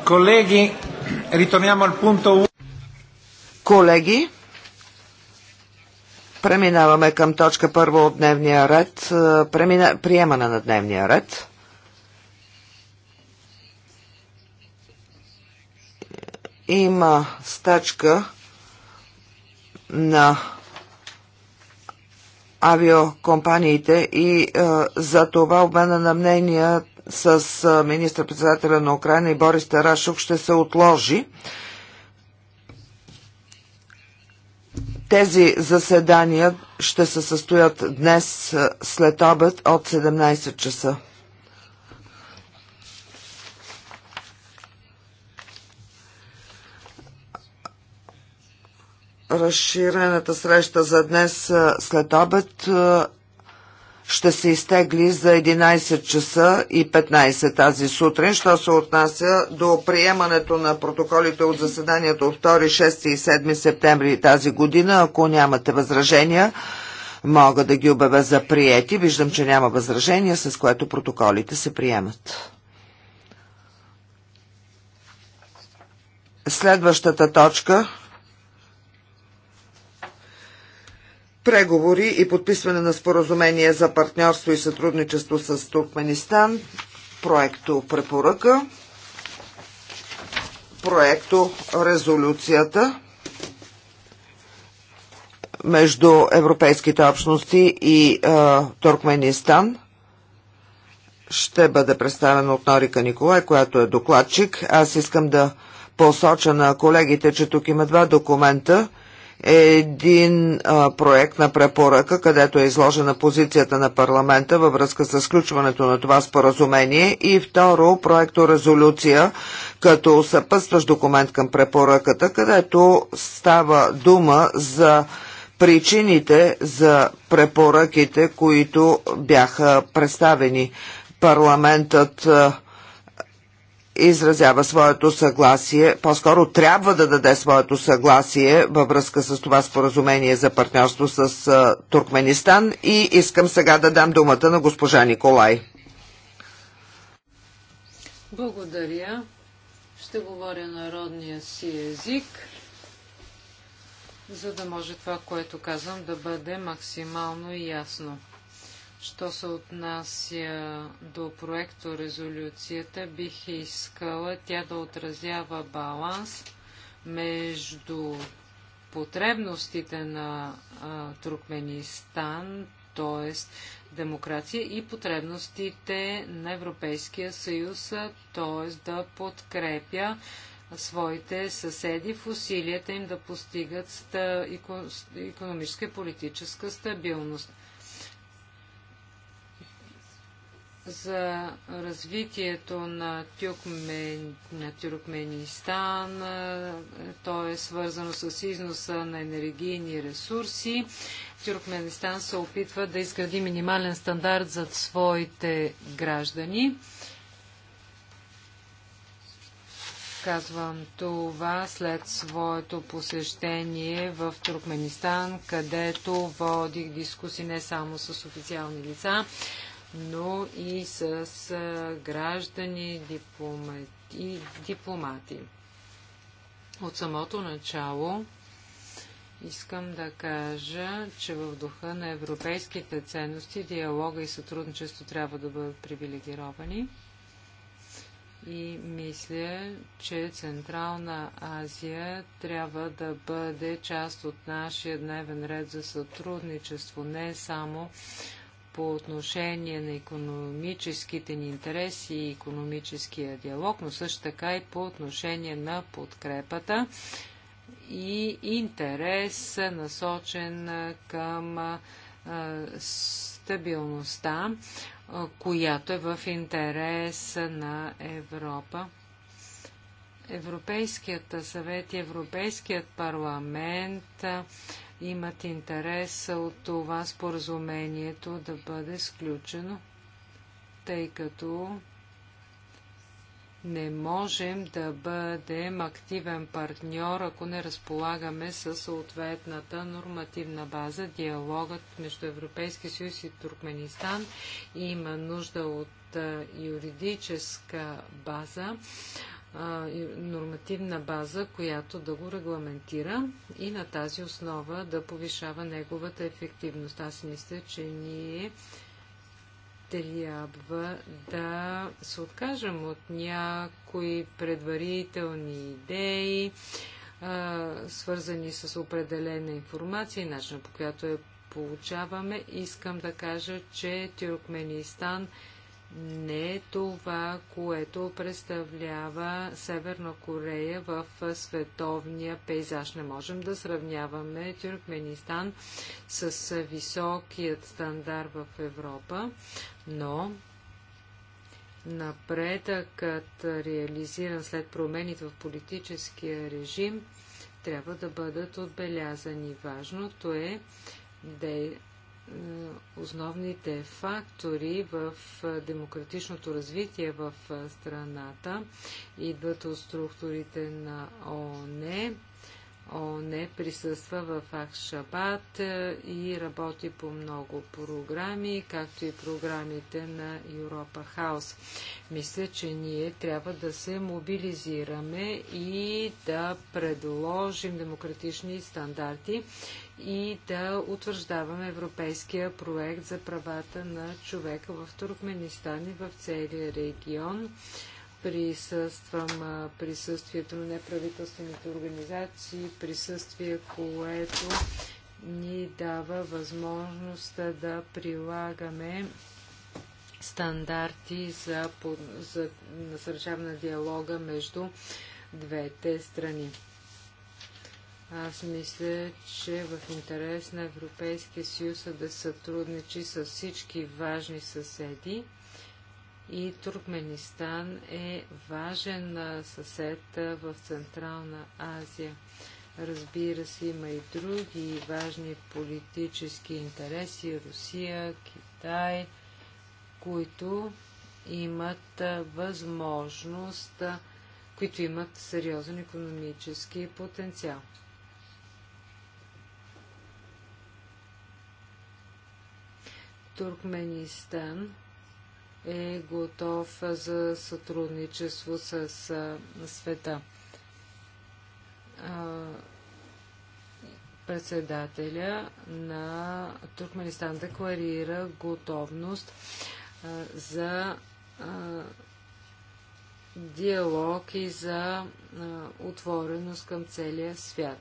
Колеги, ritorniamo al punto Колеги, преминаваме към точка първо от дневния ред, е, премина... приемане на дневния ред. Има стачка на авиокомпаниите и е, за това обмена на мнения с министър-председателя на Украина и Борис Тарашук ще се отложи. Тези заседания ще се състоят днес след обед от 17 часа. Разширената среща за днес след обед ще се изтегли за 11 часа и 15 тази сутрин, що се отнася до приемането на протоколите от заседанието от 2, 6 и 7 септември тази година. Ако нямате възражения, мога да ги обявя за приети. Виждам, че няма възражения, с което протоколите се приемат. Следващата точка преговори и подписване на споразумение за партньорство и сътрудничество с Туркменистан, проекто препоръка, проекто резолюцията между европейските общности и е, Туркменистан ще бъде представена от Норика Николай, която е докладчик. Аз искам да посоча на колегите, че тук има два документа – един а, проект на препоръка, където е изложена позицията на парламента във връзка с сключването на това споразумение и второ проекто резолюция като съпъстващ документ към препоръката, където става дума за причините за препоръките, които бяха представени. Парламентът а, изразява своето съгласие, по-скоро трябва да даде своето съгласие във връзка с това споразумение за партньорство с Туркменистан и искам сега да дам думата на госпожа Николай.
Благодаря. Ще говоря народния си език, за да може това, което казвам, да бъде максимално ясно. Що се отнася до проекто резолюцията, бих искала тя да отразява баланс между потребностите на а, Туркменистан, т.е. демокрация и потребностите на Европейския съюз, т.е. да подкрепя своите съседи в усилията им да постигат ста, економическа и политическа стабилност. за развитието на, Тюркмен, на Тюркменистан. То е свързано с износа на енергийни ресурси. Тюркменистан се опитва да изгради минимален стандарт за своите граждани. Казвам това след своето посещение в Туркменистан, където водих дискусии не само с официални лица, но и с граждани, дипломати, дипломати. От самото начало искам да кажа, че в духа на европейските ценности диалога и сътрудничество трябва да бъдат привилегировани. И мисля, че Централна Азия трябва да бъде част от нашия дневен ред за сътрудничество, не само по отношение на економическите ни интереси и економическия диалог, но също така и по отношение на подкрепата и интерес насочен към стабилността, която е в интерес на Европа. Европейският съвет и Европейският парламент имат интерес от това споразумението да бъде сключено, тъй като не можем да бъдем активен партньор, ако не разполагаме с съответната нормативна база. Диалогът между Европейския съюз и Туркменистан има нужда от юридическа база, нормативна база, която да го регламентира и на тази основа да повишава неговата ефективност. Аз мисля, че ние трябва да се откажем от някои предварителни идеи, свързани с определена информация и начина по която я получаваме. Искам да кажа, че Тюркменистан не е това, което представлява Северна Корея в световния пейзаж. Не можем да сравняваме Тюркменистан с високият стандарт в Европа, но напредъкът, реализиран след промените в политическия режим, трябва да бъдат отбелязани. Важното е да е е, основните фактори в е, демократичното развитие в е, страната идват от структурите на ООН. ООН присъства в Акшабад и работи по много програми, както и програмите на Европа Хаус. Мисля, че ние трябва да се мобилизираме и да предложим демократични стандарти и да утвърждаваме европейския проект за правата на човека в Туркменистан и в целия регион. Присъствам присъствието на неправителствените организации, присъствие, което ни дава възможност да прилагаме стандарти за, за насърчаване на диалога между двете страни. Аз мисля, че е в интерес на Европейския съюз е да сътрудничи с всички важни съседи и Туркменистан е важен съсед в Централна Азия. Разбира се, има и други важни политически интереси Русия, Китай, които имат възможност, които имат сериозен економически потенциал. Туркменистан е готов за сътрудничество с света. Председателя на Туркменистан декларира готовност за диалог и за отвореност към целия свят.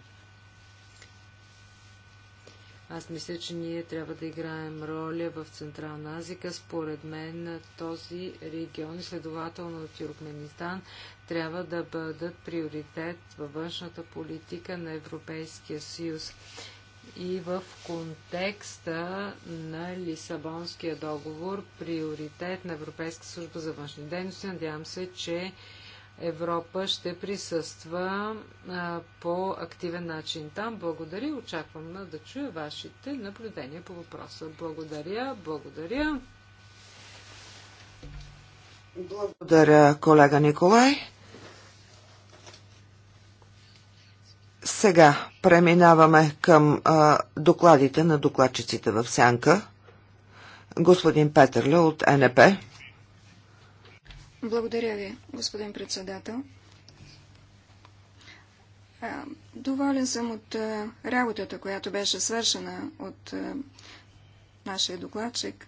Аз мисля, че ние трябва да играем роля в Централна Азика. Според мен този регион, следователно от Тюркменистан, трябва да бъдат приоритет във външната политика на Европейския съюз и в контекста на Лисабонския договор приоритет на Европейска служба за външни дейности. Надявам се, че Европа ще присъства а, по активен начин там. Благодаря. Очаквам да чуя вашите наблюдения по въпроса. Благодаря. Благодаря.
Благодаря, колега Николай. Сега преминаваме към а, докладите на докладчиците в Сянка. Господин Петърля от НП.
Благодаря ви, господин председател. Доволен съм от работата, която беше свършена от нашия докладчик.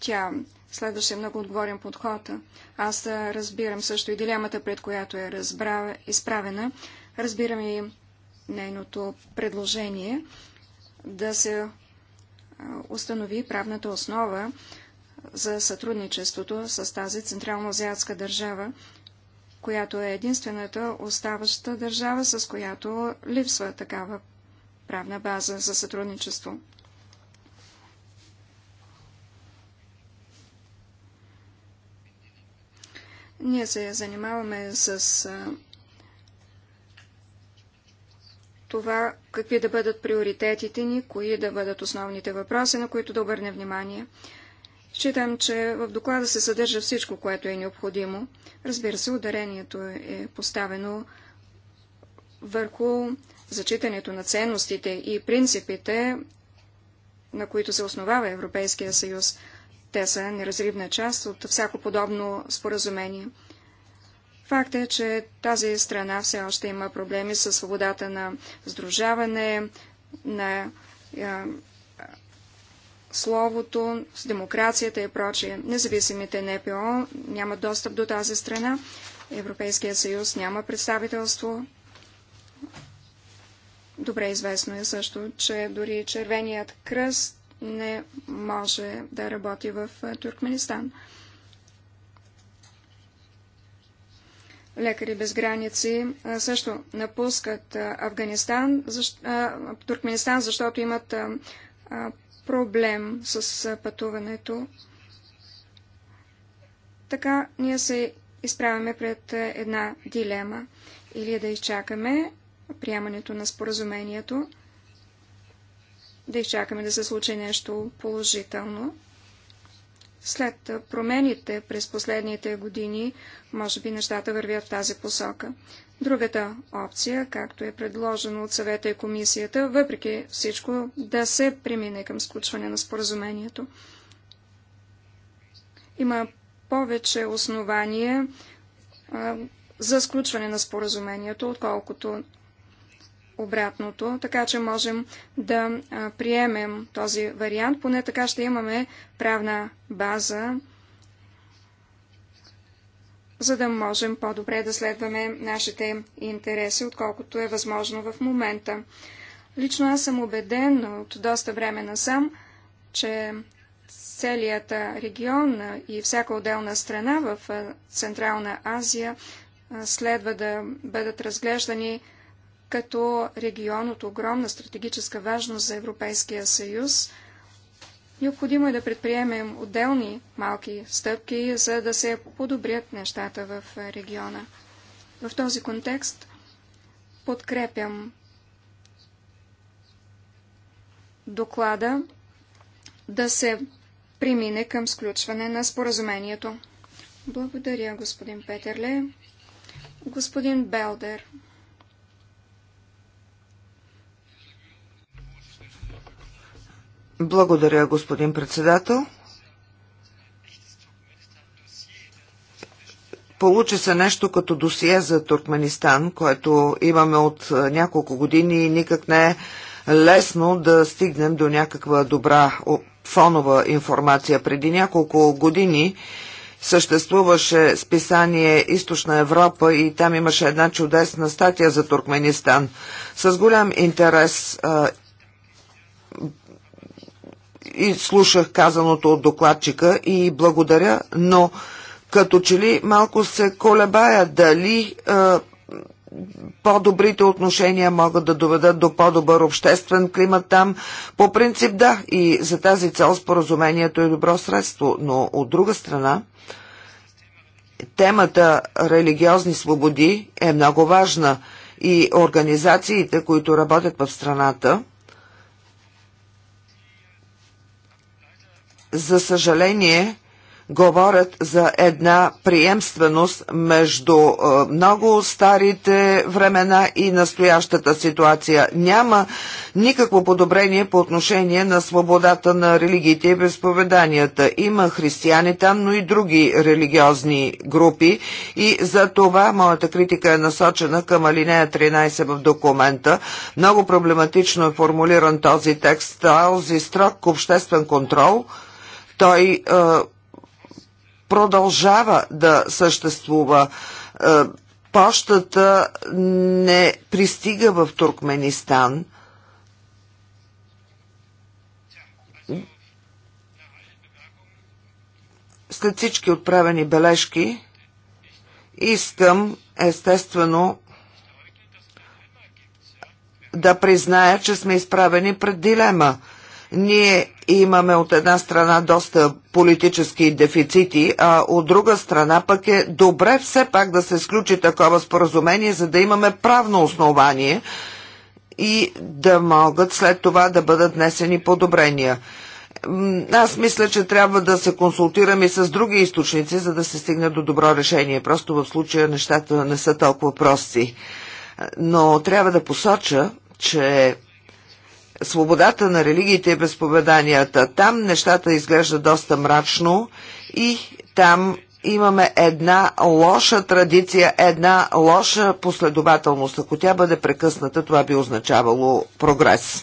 Тя следваше много отговорен подход. Аз разбирам също и дилемата, пред която е разбра... изправена. Разбирам и нейното предложение да се установи правната основа за сътрудничеството с тази централно-азиатска държава, която е единствената оставаща държава, с която липсва такава правна база за сътрудничество. Ние се занимаваме с това, какви да бъдат приоритетите ни, кои да бъдат основните въпроси, на които да обърнем внимание. Считам, че в доклада се съдържа всичко, което е необходимо. Разбира се, ударението е поставено върху зачитането на ценностите и принципите, на които се основава Европейския съюз. Те са неразривна част от всяко подобно споразумение. Факт е, че тази страна все още има проблеми с свободата на сдружаване, на словото, с демокрацията и прочие. Независимите НПО нямат достъп до тази страна. Европейския съюз няма представителство. Добре известно е също, че дори Червеният кръст не може да работи в Туркменистан. Лекари без граници също напускат Афганистан, защ... Туркменистан, защото имат проблем с пътуването. Така ние се изправяме пред една дилема. Или да изчакаме приемането на споразумението, да изчакаме да се случи нещо положително. След промените през последните години, може би нещата вървят в тази посока. Другата опция, както е предложено от съвета и комисията, въпреки всичко да се премине към сключване на споразумението. Има повече основания а, за сключване на споразумението, отколкото обратното, така че можем да приемем този вариант. Поне така ще имаме правна база за да можем по-добре да следваме нашите интереси, отколкото е възможно в момента. Лично аз съм убеден от доста време насам, че целият регион и всяка отделна страна в Централна Азия следва да бъдат разглеждани като регион от огромна стратегическа важност за Европейския съюз – Необходимо е да предприемем отделни малки стъпки, за да се подобрят нещата в региона. В този контекст подкрепям доклада да се премине към сключване на споразумението. Благодаря, господин Петерле. Господин Белдер.
Благодаря, господин председател. Получи се нещо като досие за Туркменистан, което имаме от няколко години и никак не е лесно да стигнем до някаква добра фонова информация. Преди няколко години съществуваше списание Източна Европа и там имаше една чудесна статия за Туркменистан. С голям интерес а, и слушах казаното от докладчика и благодаря, но като че ли малко се колебая дали е, по-добрите отношения могат да доведат до по-добър обществен климат там. По принцип да, и за тази цел споразумението е добро средство, но от друга страна темата религиозни свободи е много важна и организациите, които работят в страната, за съжаление, говорят за една приемственост между е, много старите времена и настоящата ситуация. Няма никакво подобрение по отношение на свободата на религиите и безповеданията. Има християни там, но и други религиозни групи и за това моята критика е насочена към алинея 13 в документа. Много проблематично е формулиран този текст, този строк обществен контрол – той е, продължава да съществува. Е, пощата не пристига в Туркменистан. След всички отправени бележки, искам естествено да призная, че сме изправени пред дилема. Ние имаме от една страна доста политически дефицити, а от друга страна пък е добре все пак да се сключи такова споразумение, за да имаме правно основание и да могат след това да бъдат внесени подобрения. Аз мисля, че трябва да се консултираме с други източници, за да се стигне до добро решение. Просто в случая нещата не са толкова прости. Но трябва да посоча, че свободата на религиите и безповеданията. Там нещата изглеждат доста мрачно и там имаме една лоша традиция, една лоша последователност. Ако тя бъде прекъсната, това би означавало прогрес.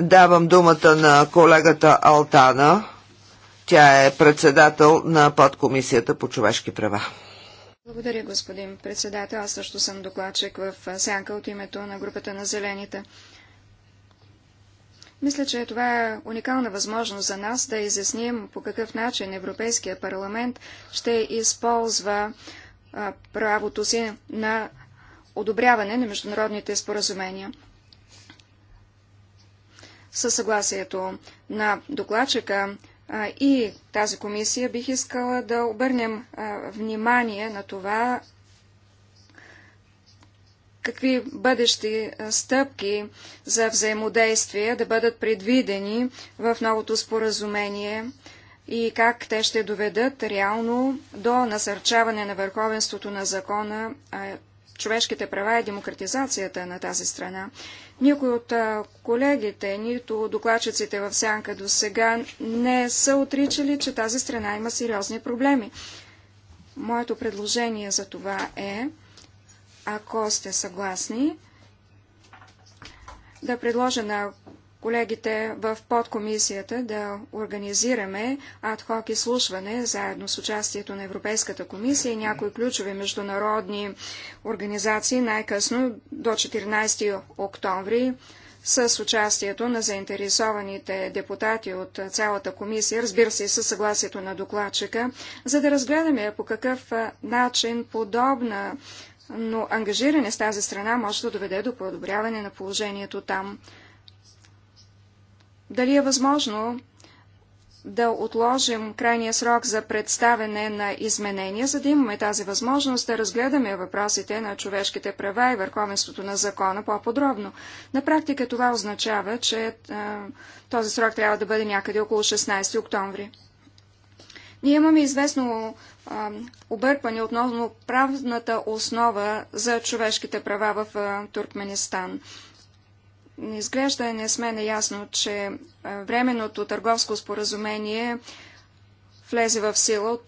Давам думата на колегата Алтана. Тя е председател на подкомисията по човешки права.
Благодаря, господин председател. Аз също съм докладчик в сянка от името на групата на зелените. Мисля, че това е уникална възможност за нас да изясним по какъв начин Европейския парламент ще използва правото си на одобряване на международните споразумения. Със съгласието на докладчика и тази комисия бих искала да обърнем внимание на това, какви бъдещи стъпки за взаимодействие да бъдат предвидени в новото споразумение и как те ще доведат реално до насърчаване на върховенството на закона, човешките права и демократизацията на тази страна. Никой от колегите, нито докладчиците в Сянка до сега не са отричали, че тази страна има сериозни проблеми. Моето предложение за това е ако сте съгласни, да предложа на колегите в подкомисията да организираме адхок изслушване заедно с участието на Европейската комисия и някои ключови международни организации най-късно до 14 октомври с участието на заинтересованите депутати от цялата комисия, разбира се и със съгласието на докладчика, за да разгледаме по какъв начин подобна но ангажиране с тази страна може да доведе до подобряване на положението там. Дали е възможно да отложим крайния срок за представене на изменения, за да имаме тази възможност да разгледаме въпросите на човешките права и върховенството на закона по-подробно. На практика това означава, че а, този срок трябва да бъде някъде около 16 октомври. Ние имаме известно объркване относно правната основа за човешките права в Туркменистан. Изглежда не сме наясно, че временното търговско споразумение влезе в сила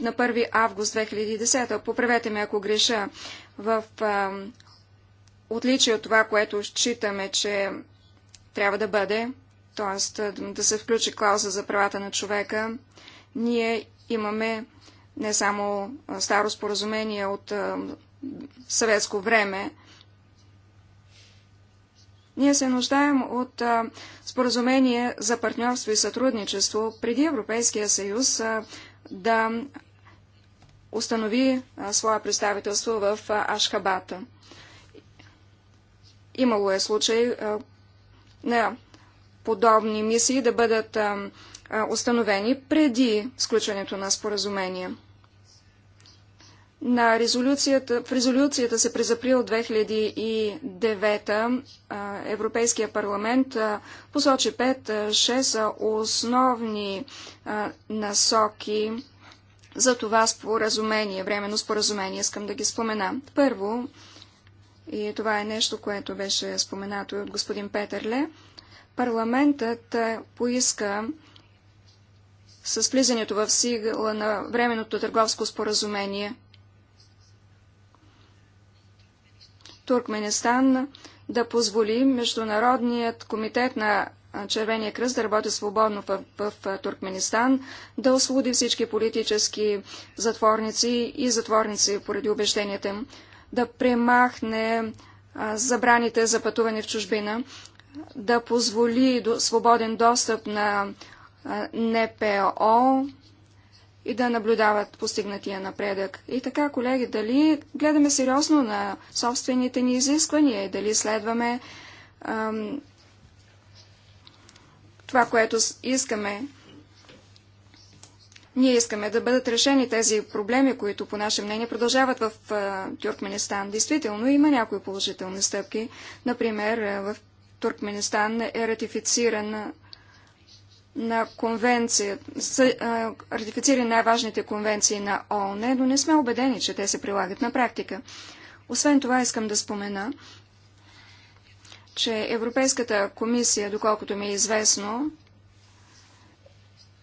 на 1 август 2010. Поправете ме, ако греша. В отличие от това, което считаме, че трябва да бъде, т.е. да се включи клауза за правата на човека, ние имаме не само старо споразумение от съветско време. Ние се нуждаем от споразумение за партньорство и сътрудничество преди Европейския съюз да установи своя представителство в Ашхабата. Имало е случай на подобни мисии да бъдат установени преди сключването на споразумение на резолюцията, в резолюцията се през април 2009 Европейския парламент посочи 5-6 основни насоки за това споразумение, временно споразумение. Искам да ги спомена. Първо, и това е нещо, което беше споменато и от господин Петърле, парламентът поиска с влизането в сигла на временното търговско споразумение Туркменистан да позволи Международният комитет на Червения кръст да работи свободно в, в, в Туркменистан, да освободи всички политически затворници и затворници поради убежденията им, да премахне а, забраните за пътуване в чужбина, да позволи до, свободен достъп на а, НПО, и да наблюдават постигнатия напредък. И така, колеги, дали гледаме сериозно на собствените ни изисквания и дали следваме ам, това, което искаме. Ние искаме да бъдат решени тези проблеми, които по наше мнение продължават в а, Тюркменистан. Действително има някои положителни стъпки. Например, в Туркменистан е ратифициран на конвенция, са а, ратифицирани най-важните конвенции на ООН, но не сме убедени, че те се прилагат на практика. Освен това искам да спомена, че Европейската комисия, доколкото ми е известно,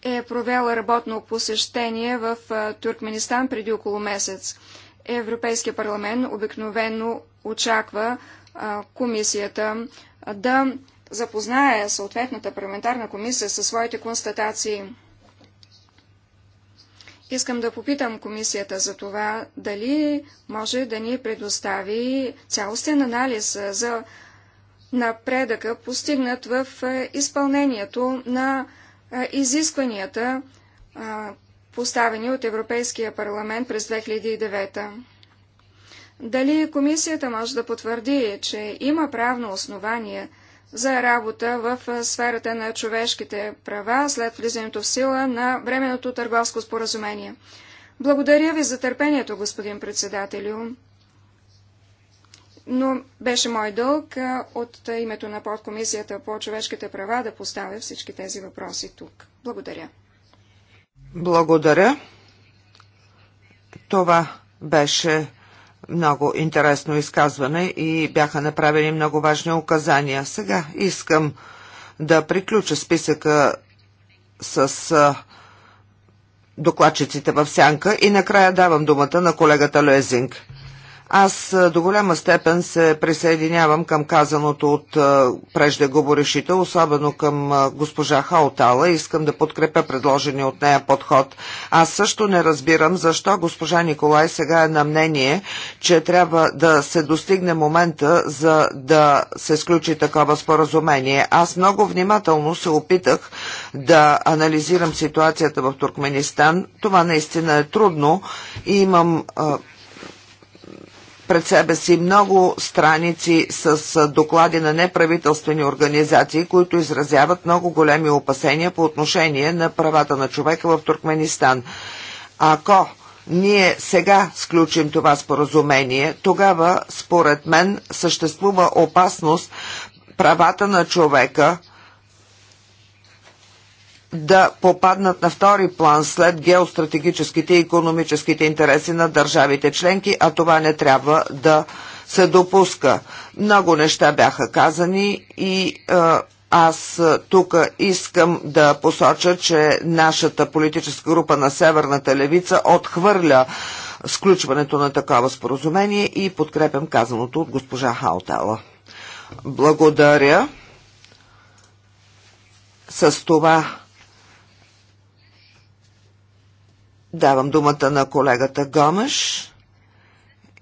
е провела работно посещение в Туркменистан преди около месец. Европейския парламент обикновено очаква а, комисията да запознае съответната парламентарна комисия със своите констатации. Искам да попитам комисията за това, дали може да ни предостави цялостен анализ за напредъка, постигнат в изпълнението на изискванията, поставени от Европейския парламент през 2009. Дали комисията може да потвърди, че има правно основание – за работа в сферата на човешките права след влизането в сила на Временното търговско споразумение. Благодаря ви за търпението, господин председателю. Но беше мой дълг от името на подкомисията по човешките права да поставя всички тези въпроси тук. Благодаря.
Благодаря. Това беше много интересно изказване и бяха направени много важни указания. Сега искам да приключа списъка с докладчиците в сянка и накрая давам думата на колегата Лезинг. Аз е, до голяма степен се присъединявам към казаното от е, преждеговорещите, особено към е, госпожа Хаотала. Искам да подкрепя предложения от нея подход. Аз също не разбирам защо госпожа Николай сега е на мнение, че трябва да се достигне момента за да се сключи такова споразумение. Аз много внимателно се опитах да анализирам ситуацията в Туркменистан. Това наистина е трудно и имам пред себе си много страници с доклади на неправителствени организации, които изразяват много големи опасения по отношение на правата на човека в Туркменистан. Ако ние сега сключим това споразумение, тогава, според мен, съществува опасност правата на човека – да попаднат на втори план след геостратегическите и економическите интереси на държавите членки, а това не трябва да се допуска. Много неща бяха казани и е, аз тук искам да посоча, че нашата политическа група на Северната левица отхвърля сключването на такова споразумение и подкрепям казаното от госпожа Хаутала. Благодаря. С това Давам думата на колегата Гомеш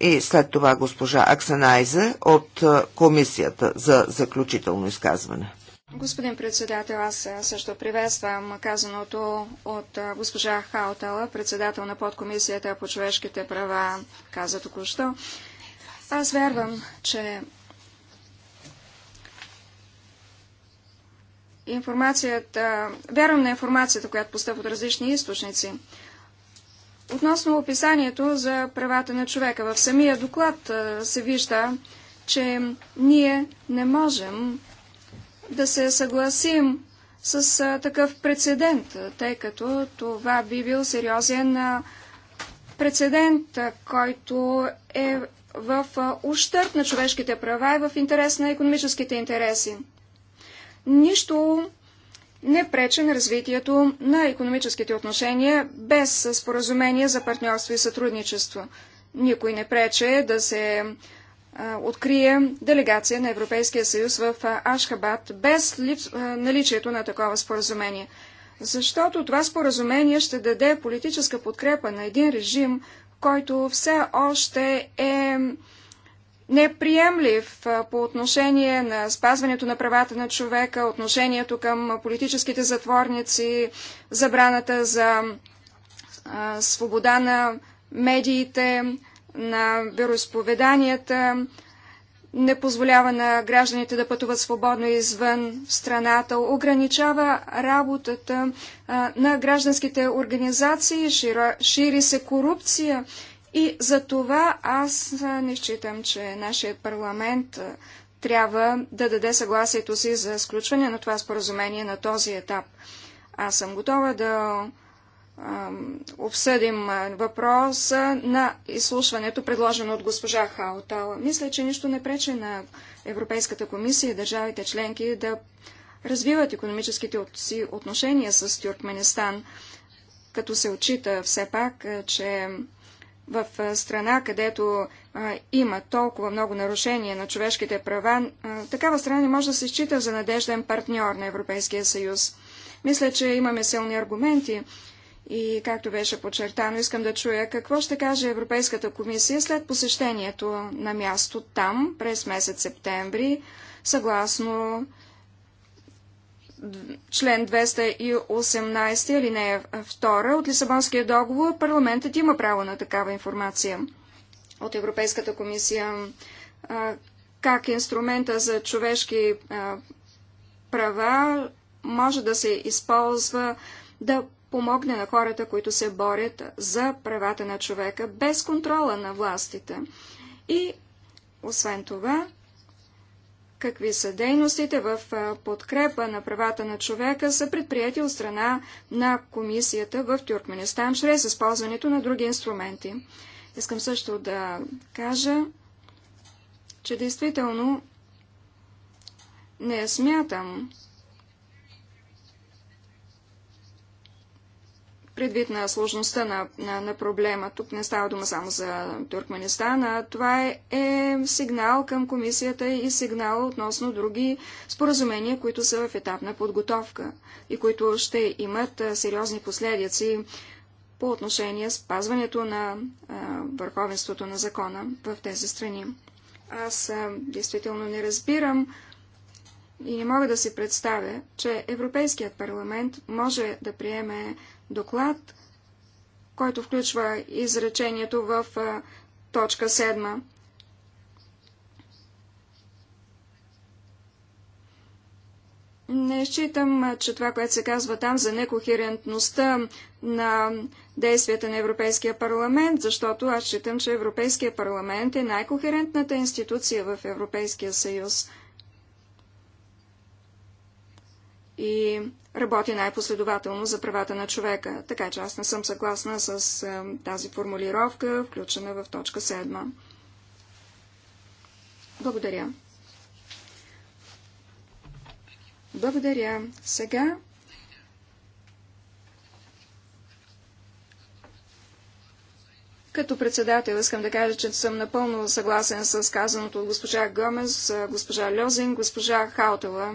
и след това госпожа Аксенайзе от е, комисията за заключително изказване.
Господин председател, аз е, също приветствам казаното от е, госпожа Хаутала, председател на подкомисията по човешките права, каза току-що. Аз вярвам, че информацията, вярвам на информацията, която постъпва от различни източници. Относно описанието за правата на човека, в самия доклад се вижда, че ние не можем да се съгласим с такъв прецедент, тъй като това би бил сериозен прецедент, който е в ущърп на човешките права и в интерес на економическите интереси. Нищо не пречи на развитието на економическите отношения без споразумение за партньорство и сътрудничество. Никой не прече да се открие делегация на Европейския съюз в Ашхабад без наличието на такова споразумение. Защото това споразумение ще даде политическа подкрепа на един режим, който все още е неприемлив по отношение на спазването на правата на човека, отношението към политическите затворници, забраната за свобода на медиите, на вероисповеданията, не позволява на гражданите да пътуват свободно извън страната, ограничава работата на гражданските организации, шири се корупция. И за това аз не считам, че нашия парламент трябва да даде съгласието си за сключване на това споразумение на този етап. Аз съм готова да обсъдим въпроса на изслушването, предложено от госпожа Хаотала. Мисля, че нищо не пречи на Европейската комисия и държавите членки да развиват економическите си отношения с Тюркменистан, като се отчита все пак, че в страна, където има толкова много нарушения на човешките права, такава страна не може да се счита за надежден партньор на Европейския съюз. Мисля, че имаме силни аргументи и, както беше подчертано, искам да чуя какво ще каже Европейската комисия след посещението на място там през месец септември, съгласно член 218, алинея 2 от Лисабонския договор, парламентът има право на такава информация от Европейската комисия. Как инструмента за човешки права може да се използва да помогне на хората, които се борят за правата на човека без контрола на властите. И освен това, какви са дейностите в подкрепа на правата на човека са предприяти от страна на комисията в Тюркменистан чрез използването на други инструменти. Искам също да кажа, че действително не смятам, предвид на сложността на, на, на проблема. Тук не става дума само за Туркменистан, а това е, е сигнал към комисията и сигнал относно други споразумения, които са в етап на подготовка и които ще имат сериозни последици по отношение спазването на а, върховенството на закона в тези страни. Аз а, действително не разбирам и не мога да си представя, че Европейският парламент може да приеме доклад, който включва изречението в точка 7. Не считам, че това, което се казва там за некохерентността на действията на Европейския парламент, защото аз считам, че Европейския парламент е най-кохерентната институция в Европейския съюз. И работи най-последователно за правата на човека. Така че аз не съм съгласна с е, тази формулировка, включена в точка 7. Благодаря. Благодаря. Сега Като председател искам да кажа, че съм напълно съгласен с казаното от госпожа Гомес, е, госпожа Льозин, госпожа Хаутела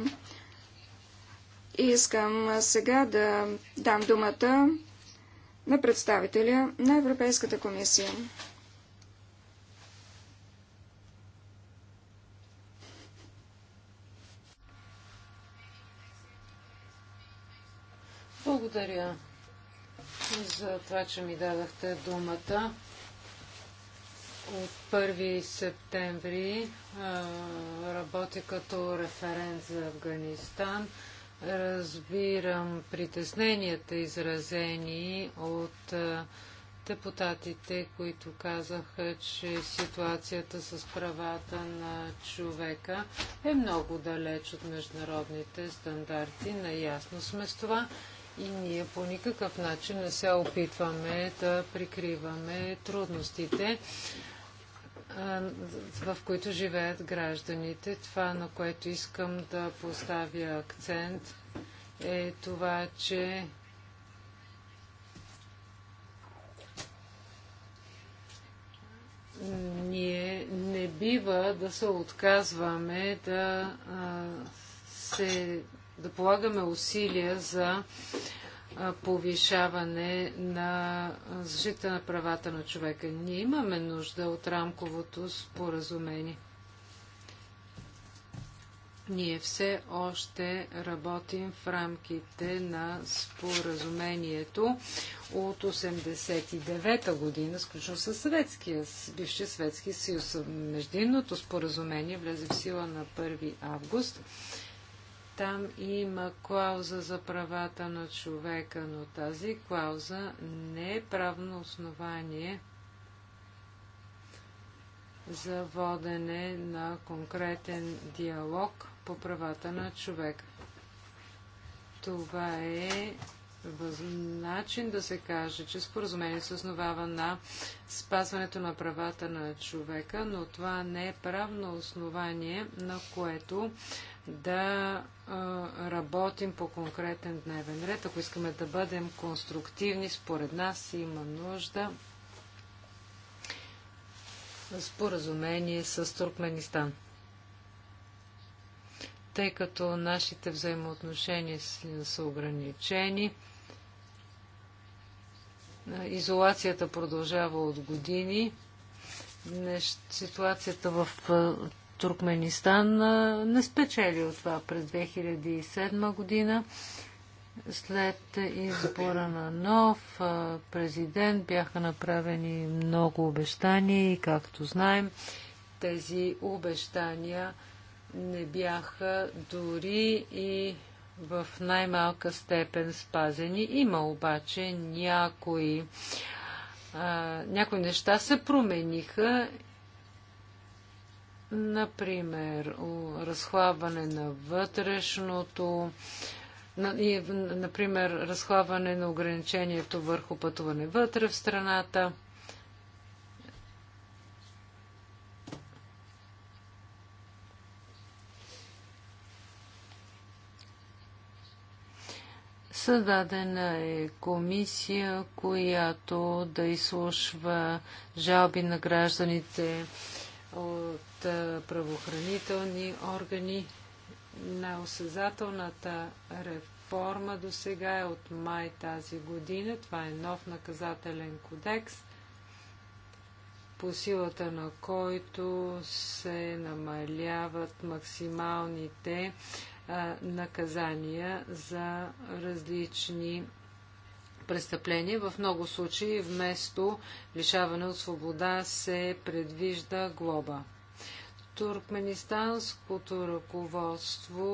искам сега да дам думата на представителя на Европейската комисия.
Благодаря за това, че ми дадахте думата. От 1 септември работя като референт за Афганистан. Разбирам притесненията, изразени от депутатите, които казаха, че ситуацията с правата на човека е много далеч от международните стандарти. Наясно сме с това и ние по никакъв начин не се опитваме да прикриваме трудностите в които живеят гражданите. Това, на което искам да поставя акцент, е това, че ние не бива да се отказваме да, се, да полагаме усилия за повишаване на защита на правата на човека. Ние имаме нужда от рамковото споразумение. Ние все още работим в рамките на споразумението от 89-та година, сключено със Съветския, бивши бившия Съветски съюз. Междинното споразумение влезе в сила на 1 август там има клауза за правата на човека, но тази клауза не е правно основание за водене на конкретен диалог по правата на човека. Това е начин да се каже, че споразумение се основава на спазването на правата на човека, но това не е правно основание, на което да работим по конкретен дневен ред. Ако искаме да бъдем конструктивни, според нас има нужда споразумение с Туркменистан. Тъй като нашите взаимоотношения са ограничени, изолацията продължава от години, ситуацията в Туркменистан не спечели от това през 2007 година. След избора на нов президент бяха направени много обещания и, както знаем, тези обещания не бяха дори и в най-малка степен спазени. Има обаче някои, а, някои неща се промениха Например, разхлабване на вътрешното, например, разхлабване на ограничението върху пътуване вътре в страната. Създадена е комисия, която да изслушва жалби на гражданите от правоохранителни органи. На осезателната реформа до сега е от май тази година. Това е нов наказателен кодекс, по силата на който се намаляват максималните наказания за различни престъпление. В много случаи вместо лишаване от свобода се предвижда глоба. Туркменистанското ръководство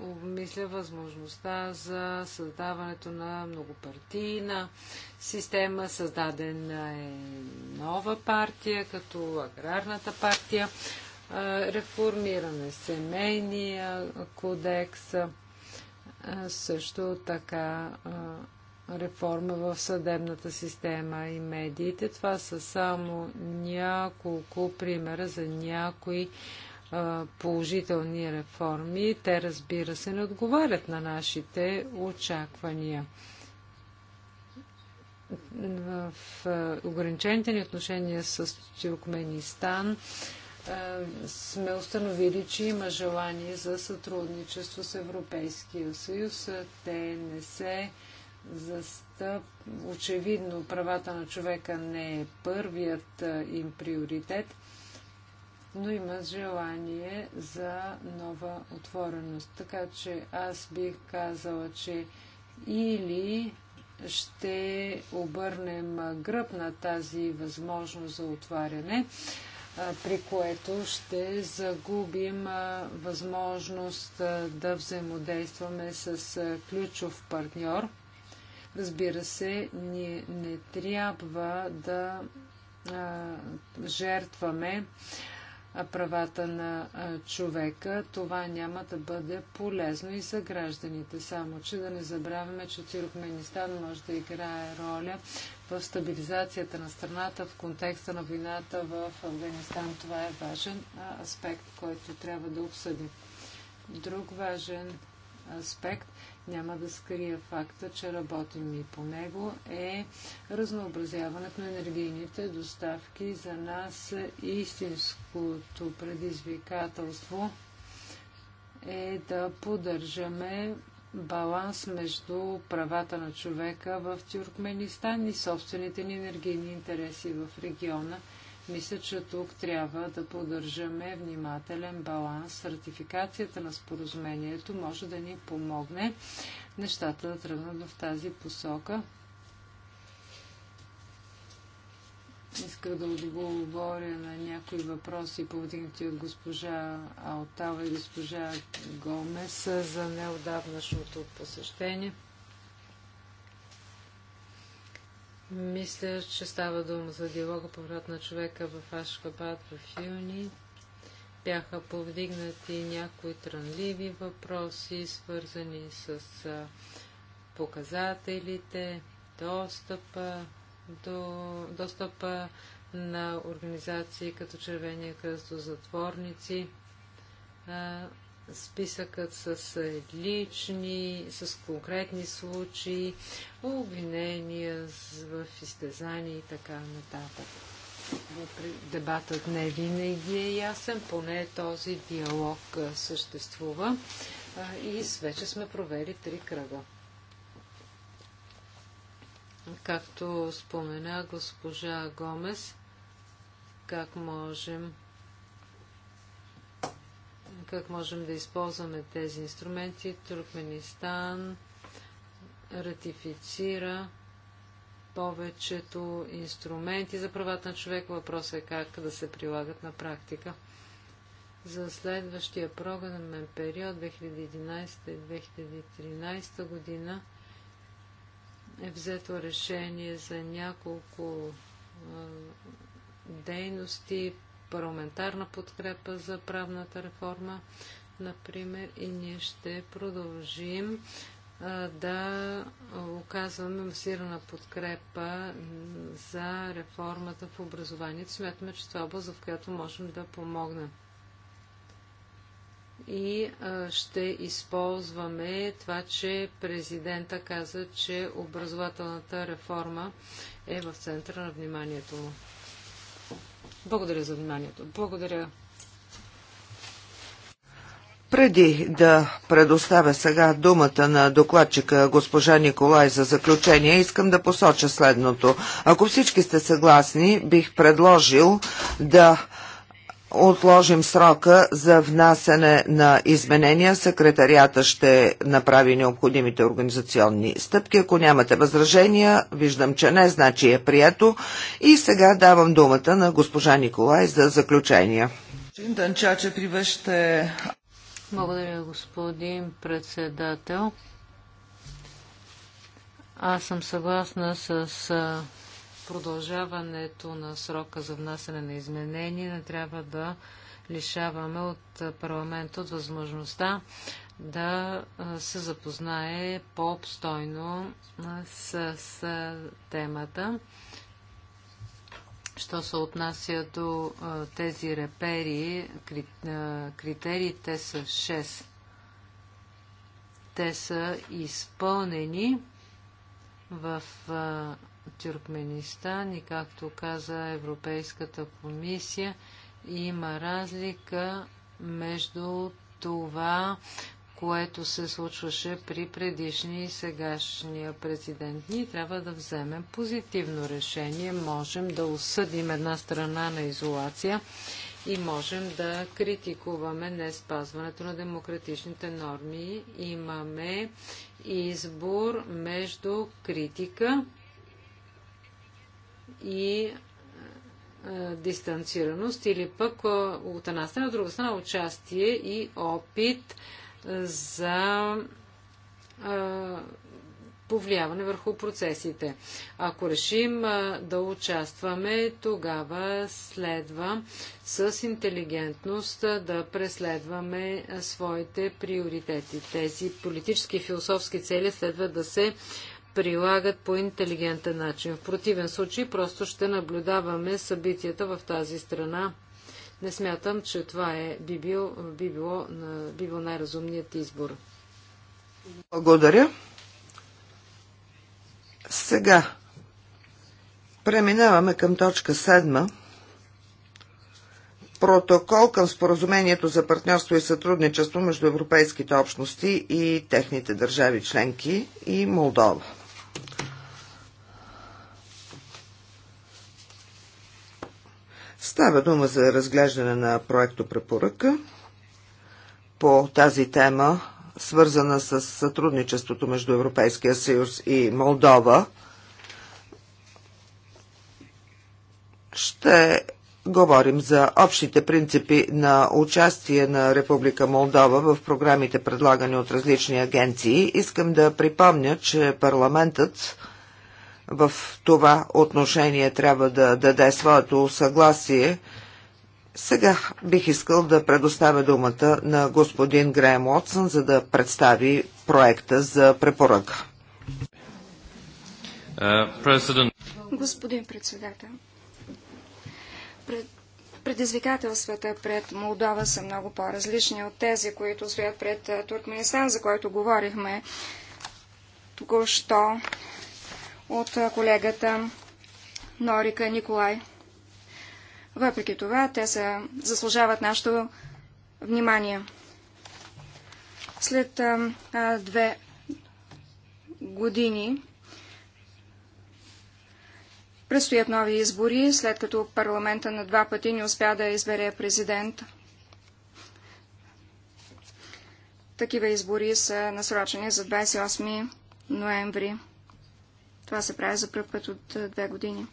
обмисля възможността за създаването на многопартийна система. Създадена е нова партия, като аграрната партия. Реформиране семейния кодекс. Също така реформа в съдебната система и медиите. Това са само няколко примера за някои а, положителни реформи. Те, разбира се, не отговарят на нашите очаквания. В ограничените ни отношения с Тюркменистан сме установили, че има желание за сътрудничество с Европейския съюз. Те не се застъп. Очевидно, правата на човека не е първият им приоритет, но има желание за нова отвореност. Така че аз бих казала, че или ще обърнем гръб на тази възможност за отваряне, при което ще загубим възможност да взаимодействаме с ключов партньор – Разбира се, ние не трябва да а, жертваме правата на човека, това няма да бъде полезно и за гражданите. Само, че да не забравяме, че Тюркменистан може да играе роля в стабилизацията на страната в контекста на войната в Афганистан. Това е важен аспект, който трябва да обсъдим. Друг важен аспект няма да скрия факта, че работим и по него е разнообразяването на енергийните доставки за нас истинското предизвикателство е да поддържаме баланс между правата на човека в Тюркменистан и собствените ни енергийни интереси в региона. Мисля, че тук трябва да поддържаме внимателен баланс. Ратификацията на споразумението може да ни помогне нещата да тръгнат в тази посока. Исках да отговоря на някои въпроси, повдигнати от госпожа Алтава и госпожа Гомес за неодавнашното посещение. Мисля, че става дума за диалога поврат на човека в Ашхабад в юни. Бяха повдигнати някои трънливи въпроси, свързани с показателите, достъпа, до, достъпа на организации като Червения кръст до затворници списъкът с лични, с конкретни случаи, обвинения в изтезания и така нататък. Дебатът не винаги е ясен, поне този диалог съществува и вече сме провели три кръга. Както спомена госпожа Гомес, как можем как можем да използваме тези инструменти. Туркменистан ратифицира повечето инструменти за правата на човека. Въпросът е как да се прилагат на практика. За следващия програмен период 2011-2013 година е взето решение за няколко дейности, парламентарна подкрепа за правната реформа, например, и ние ще продължим да оказваме масирана подкрепа за реформата в образованието. Смятаме, че това е област, в която можем да помогнем и ще използваме това, че президента каза, че образователната реформа е в центъра на вниманието му. Благодаря за вниманието. Благодаря.
Преди да предоставя сега думата на докладчика госпожа Николай за заключение, искам да посоча следното. Ако всички сте съгласни, бих предложил да отложим срока за внасене на изменения. Секретарията ще направи необходимите организационни стъпки. Ако нямате възражения, виждам, че не, значи е прието. И сега давам думата на госпожа Николай за заключения.
Благодаря, господин председател. Аз съм съгласна с продължаването на срока за внасяне на изменения не трябва да лишаваме от парламента от възможността да се запознае по-обстойно с, с темата. Що се отнася до тези репери, критериите са 6. Те са изпълнени в Тюркменистан и, както каза Европейската комисия, има разлика между това, което се случваше при предишния и сегашния президент. Ние трябва да вземем позитивно решение. Можем да осъдим една страна на изолация и можем да критикуваме не спазването на демократичните норми. Имаме избор между критика и дистанцираност или пък от една страна, от друга страна участие и опит за повлияване върху процесите. Ако решим да участваме, тогава следва с интелигентност да преследваме своите приоритети. Тези политически и философски цели следва да се прилагат по интелигентен начин. В противен случай просто ще наблюдаваме събитията в тази страна. Не смятам, че това е, би, бил, би, било, би било най-разумният избор.
Благодаря. Сега преминаваме към точка 7. Протокол към споразумението за партньорство и сътрудничество между европейските общности и техните държави членки и Молдова. Става дума за разглеждане на проекто препоръка по тази тема, свързана с сътрудничеството между Европейския съюз и Молдова. Ще говорим за общите принципи на участие на Република Молдова в програмите предлагани от различни агенции. Искам да припомня, че парламентът в това отношение трябва да даде своето съгласие. Сега бих искал да предоставя думата на господин Греем Отсън, за да представи проекта за препоръка. Uh,
господин председател, пред предизвикателствата пред Молдова са много по-различни от тези, които стоят пред Туркменистан, за който говорихме току-що от колегата Норика Николай. Въпреки това, те са, заслужават нашето внимание. След а, две години предстоят нови избори, след като парламента на два пъти не успя да избере президент. Такива избори са насрочени за 28 ноември. Това се прави за първ път от е, две години.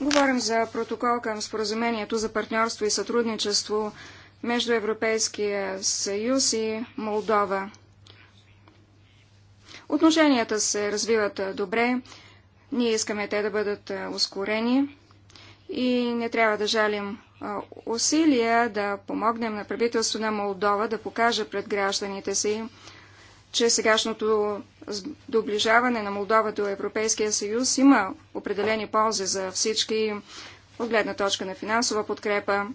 Говорим за протокол към споразумението за партньорство и сътрудничество между Европейския съюз и Молдова. Отношенията се развиват е, добре. Ние искаме те да бъдат е, ускорени и не трябва да жалим усилия да помогнем на правителство на Молдова да покаже пред гражданите си, че сегашното доближаване на Молдова до Европейския съюз има определени ползи за всички от гледна точка на финансова подкрепа,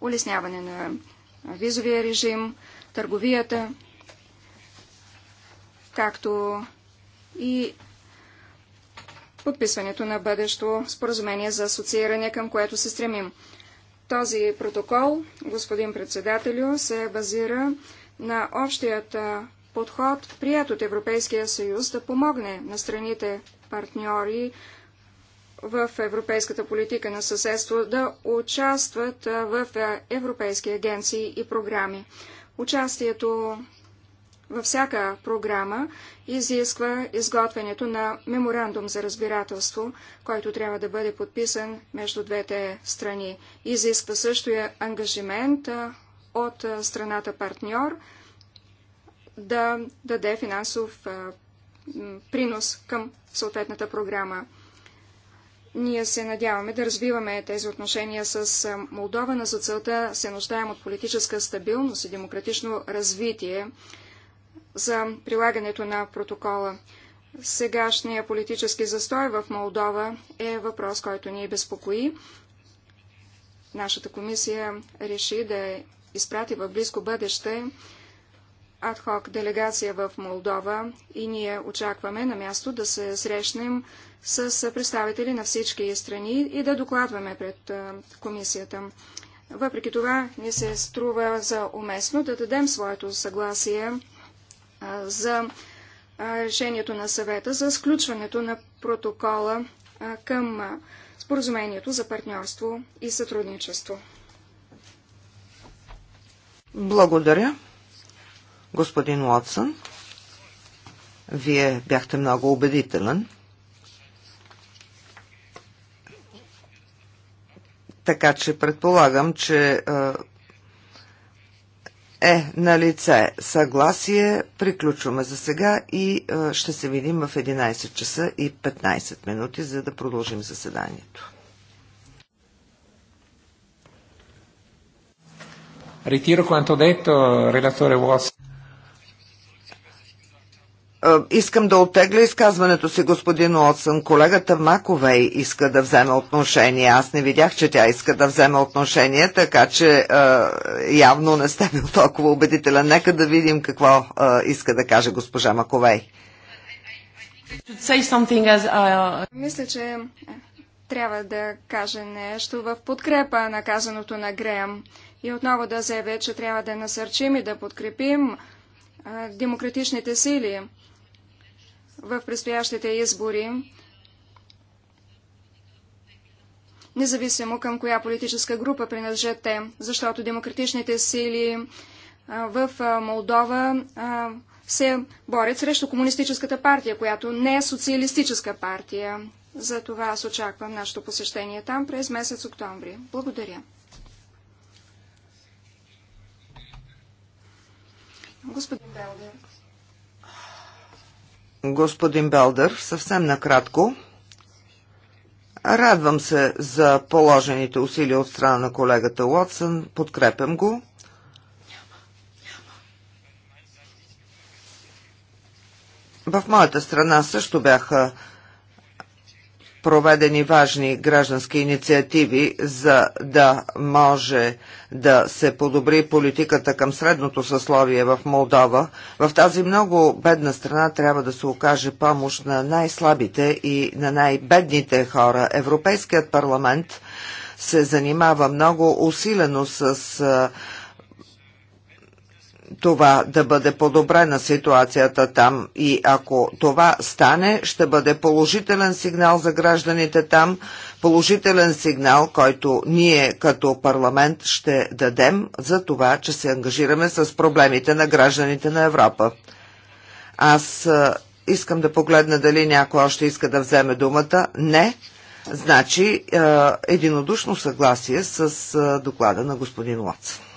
улесняване на визовия режим, търговията, както и подписването на бъдещо споразумение за асоцииране, към което се стремим. Този протокол, господин председателю, се базира на общият подход, прият от Европейския съюз, да помогне на страните партньори в европейската политика на съседство да участват в европейски агенции и програми. Участието във всяка програма изисква изготвянето на меморандум за разбирателство, който трябва да бъде подписан между двете страни. Изисква също и ангажимент от страната партньор да даде финансов принос към съответната програма. Ние се надяваме да развиваме тези отношения с Молдова, но за целта се нуждаем от политическа стабилност и демократично развитие за прилагането на протокола. Сегашния политически застой в Молдова е въпрос, който ни безпокои. Нашата комисия реши да изпрати в близко бъдеще адхок делегация в Молдова и ние очакваме на място да се срещнем с представители на всички страни и да докладваме пред комисията. Въпреки това ни се струва за уместно да дадем своето съгласие за решението на съвета за сключването на протокола към споразумението за партньорство и сътрудничество.
Благодаря, господин Уотсън. Вие бяхте много убедителен. Така че предполагам, че а, е на лице съгласие. Приключваме за сега и е, ще се видим в 11 часа и 15 минути, за да продължим заседанието. Ritiro quanto detto, relatore Watson. Е, искам да оттегля изказването си, господин Уотсън. Колегата Маковей иска да вземе отношение. Аз не видях, че тя иска да вземе отношение, така че е, явно не сте бил толкова убедителен. Нека да видим какво е, иска да каже госпожа Маковей.
Мисля, че трябва да кажа нещо в подкрепа на казаното на Греем. и отново да заявя, че трябва да насърчим и да подкрепим е, демократичните сили в предстоящите избори, независимо към коя политическа група принадлежат те, защото демократичните сили в Молдова се борят срещу комунистическата партия, която не е социалистическа партия. За това аз очаквам нашето посещение там през месец октомври. Благодаря. Господин Белдер
господин Белдър, съвсем накратко. Радвам се за положените усилия от страна на колегата Уотсън. Подкрепям го. В моята страна също бяха проведени важни граждански инициативи, за да може да се подобри политиката към средното съсловие в Молдова. В тази много бедна страна трябва да се окаже помощ на най-слабите и на най-бедните хора. Европейският парламент се занимава много усилено с това да бъде подобрена ситуацията там и ако това стане, ще бъде положителен сигнал за гражданите там, положителен сигнал, който ние като парламент ще дадем за това, че се ангажираме с проблемите на гражданите на Европа. Аз искам да погледна дали някой още иска да вземе думата. Не. Значи единодушно съгласие с доклада на господин Лоц.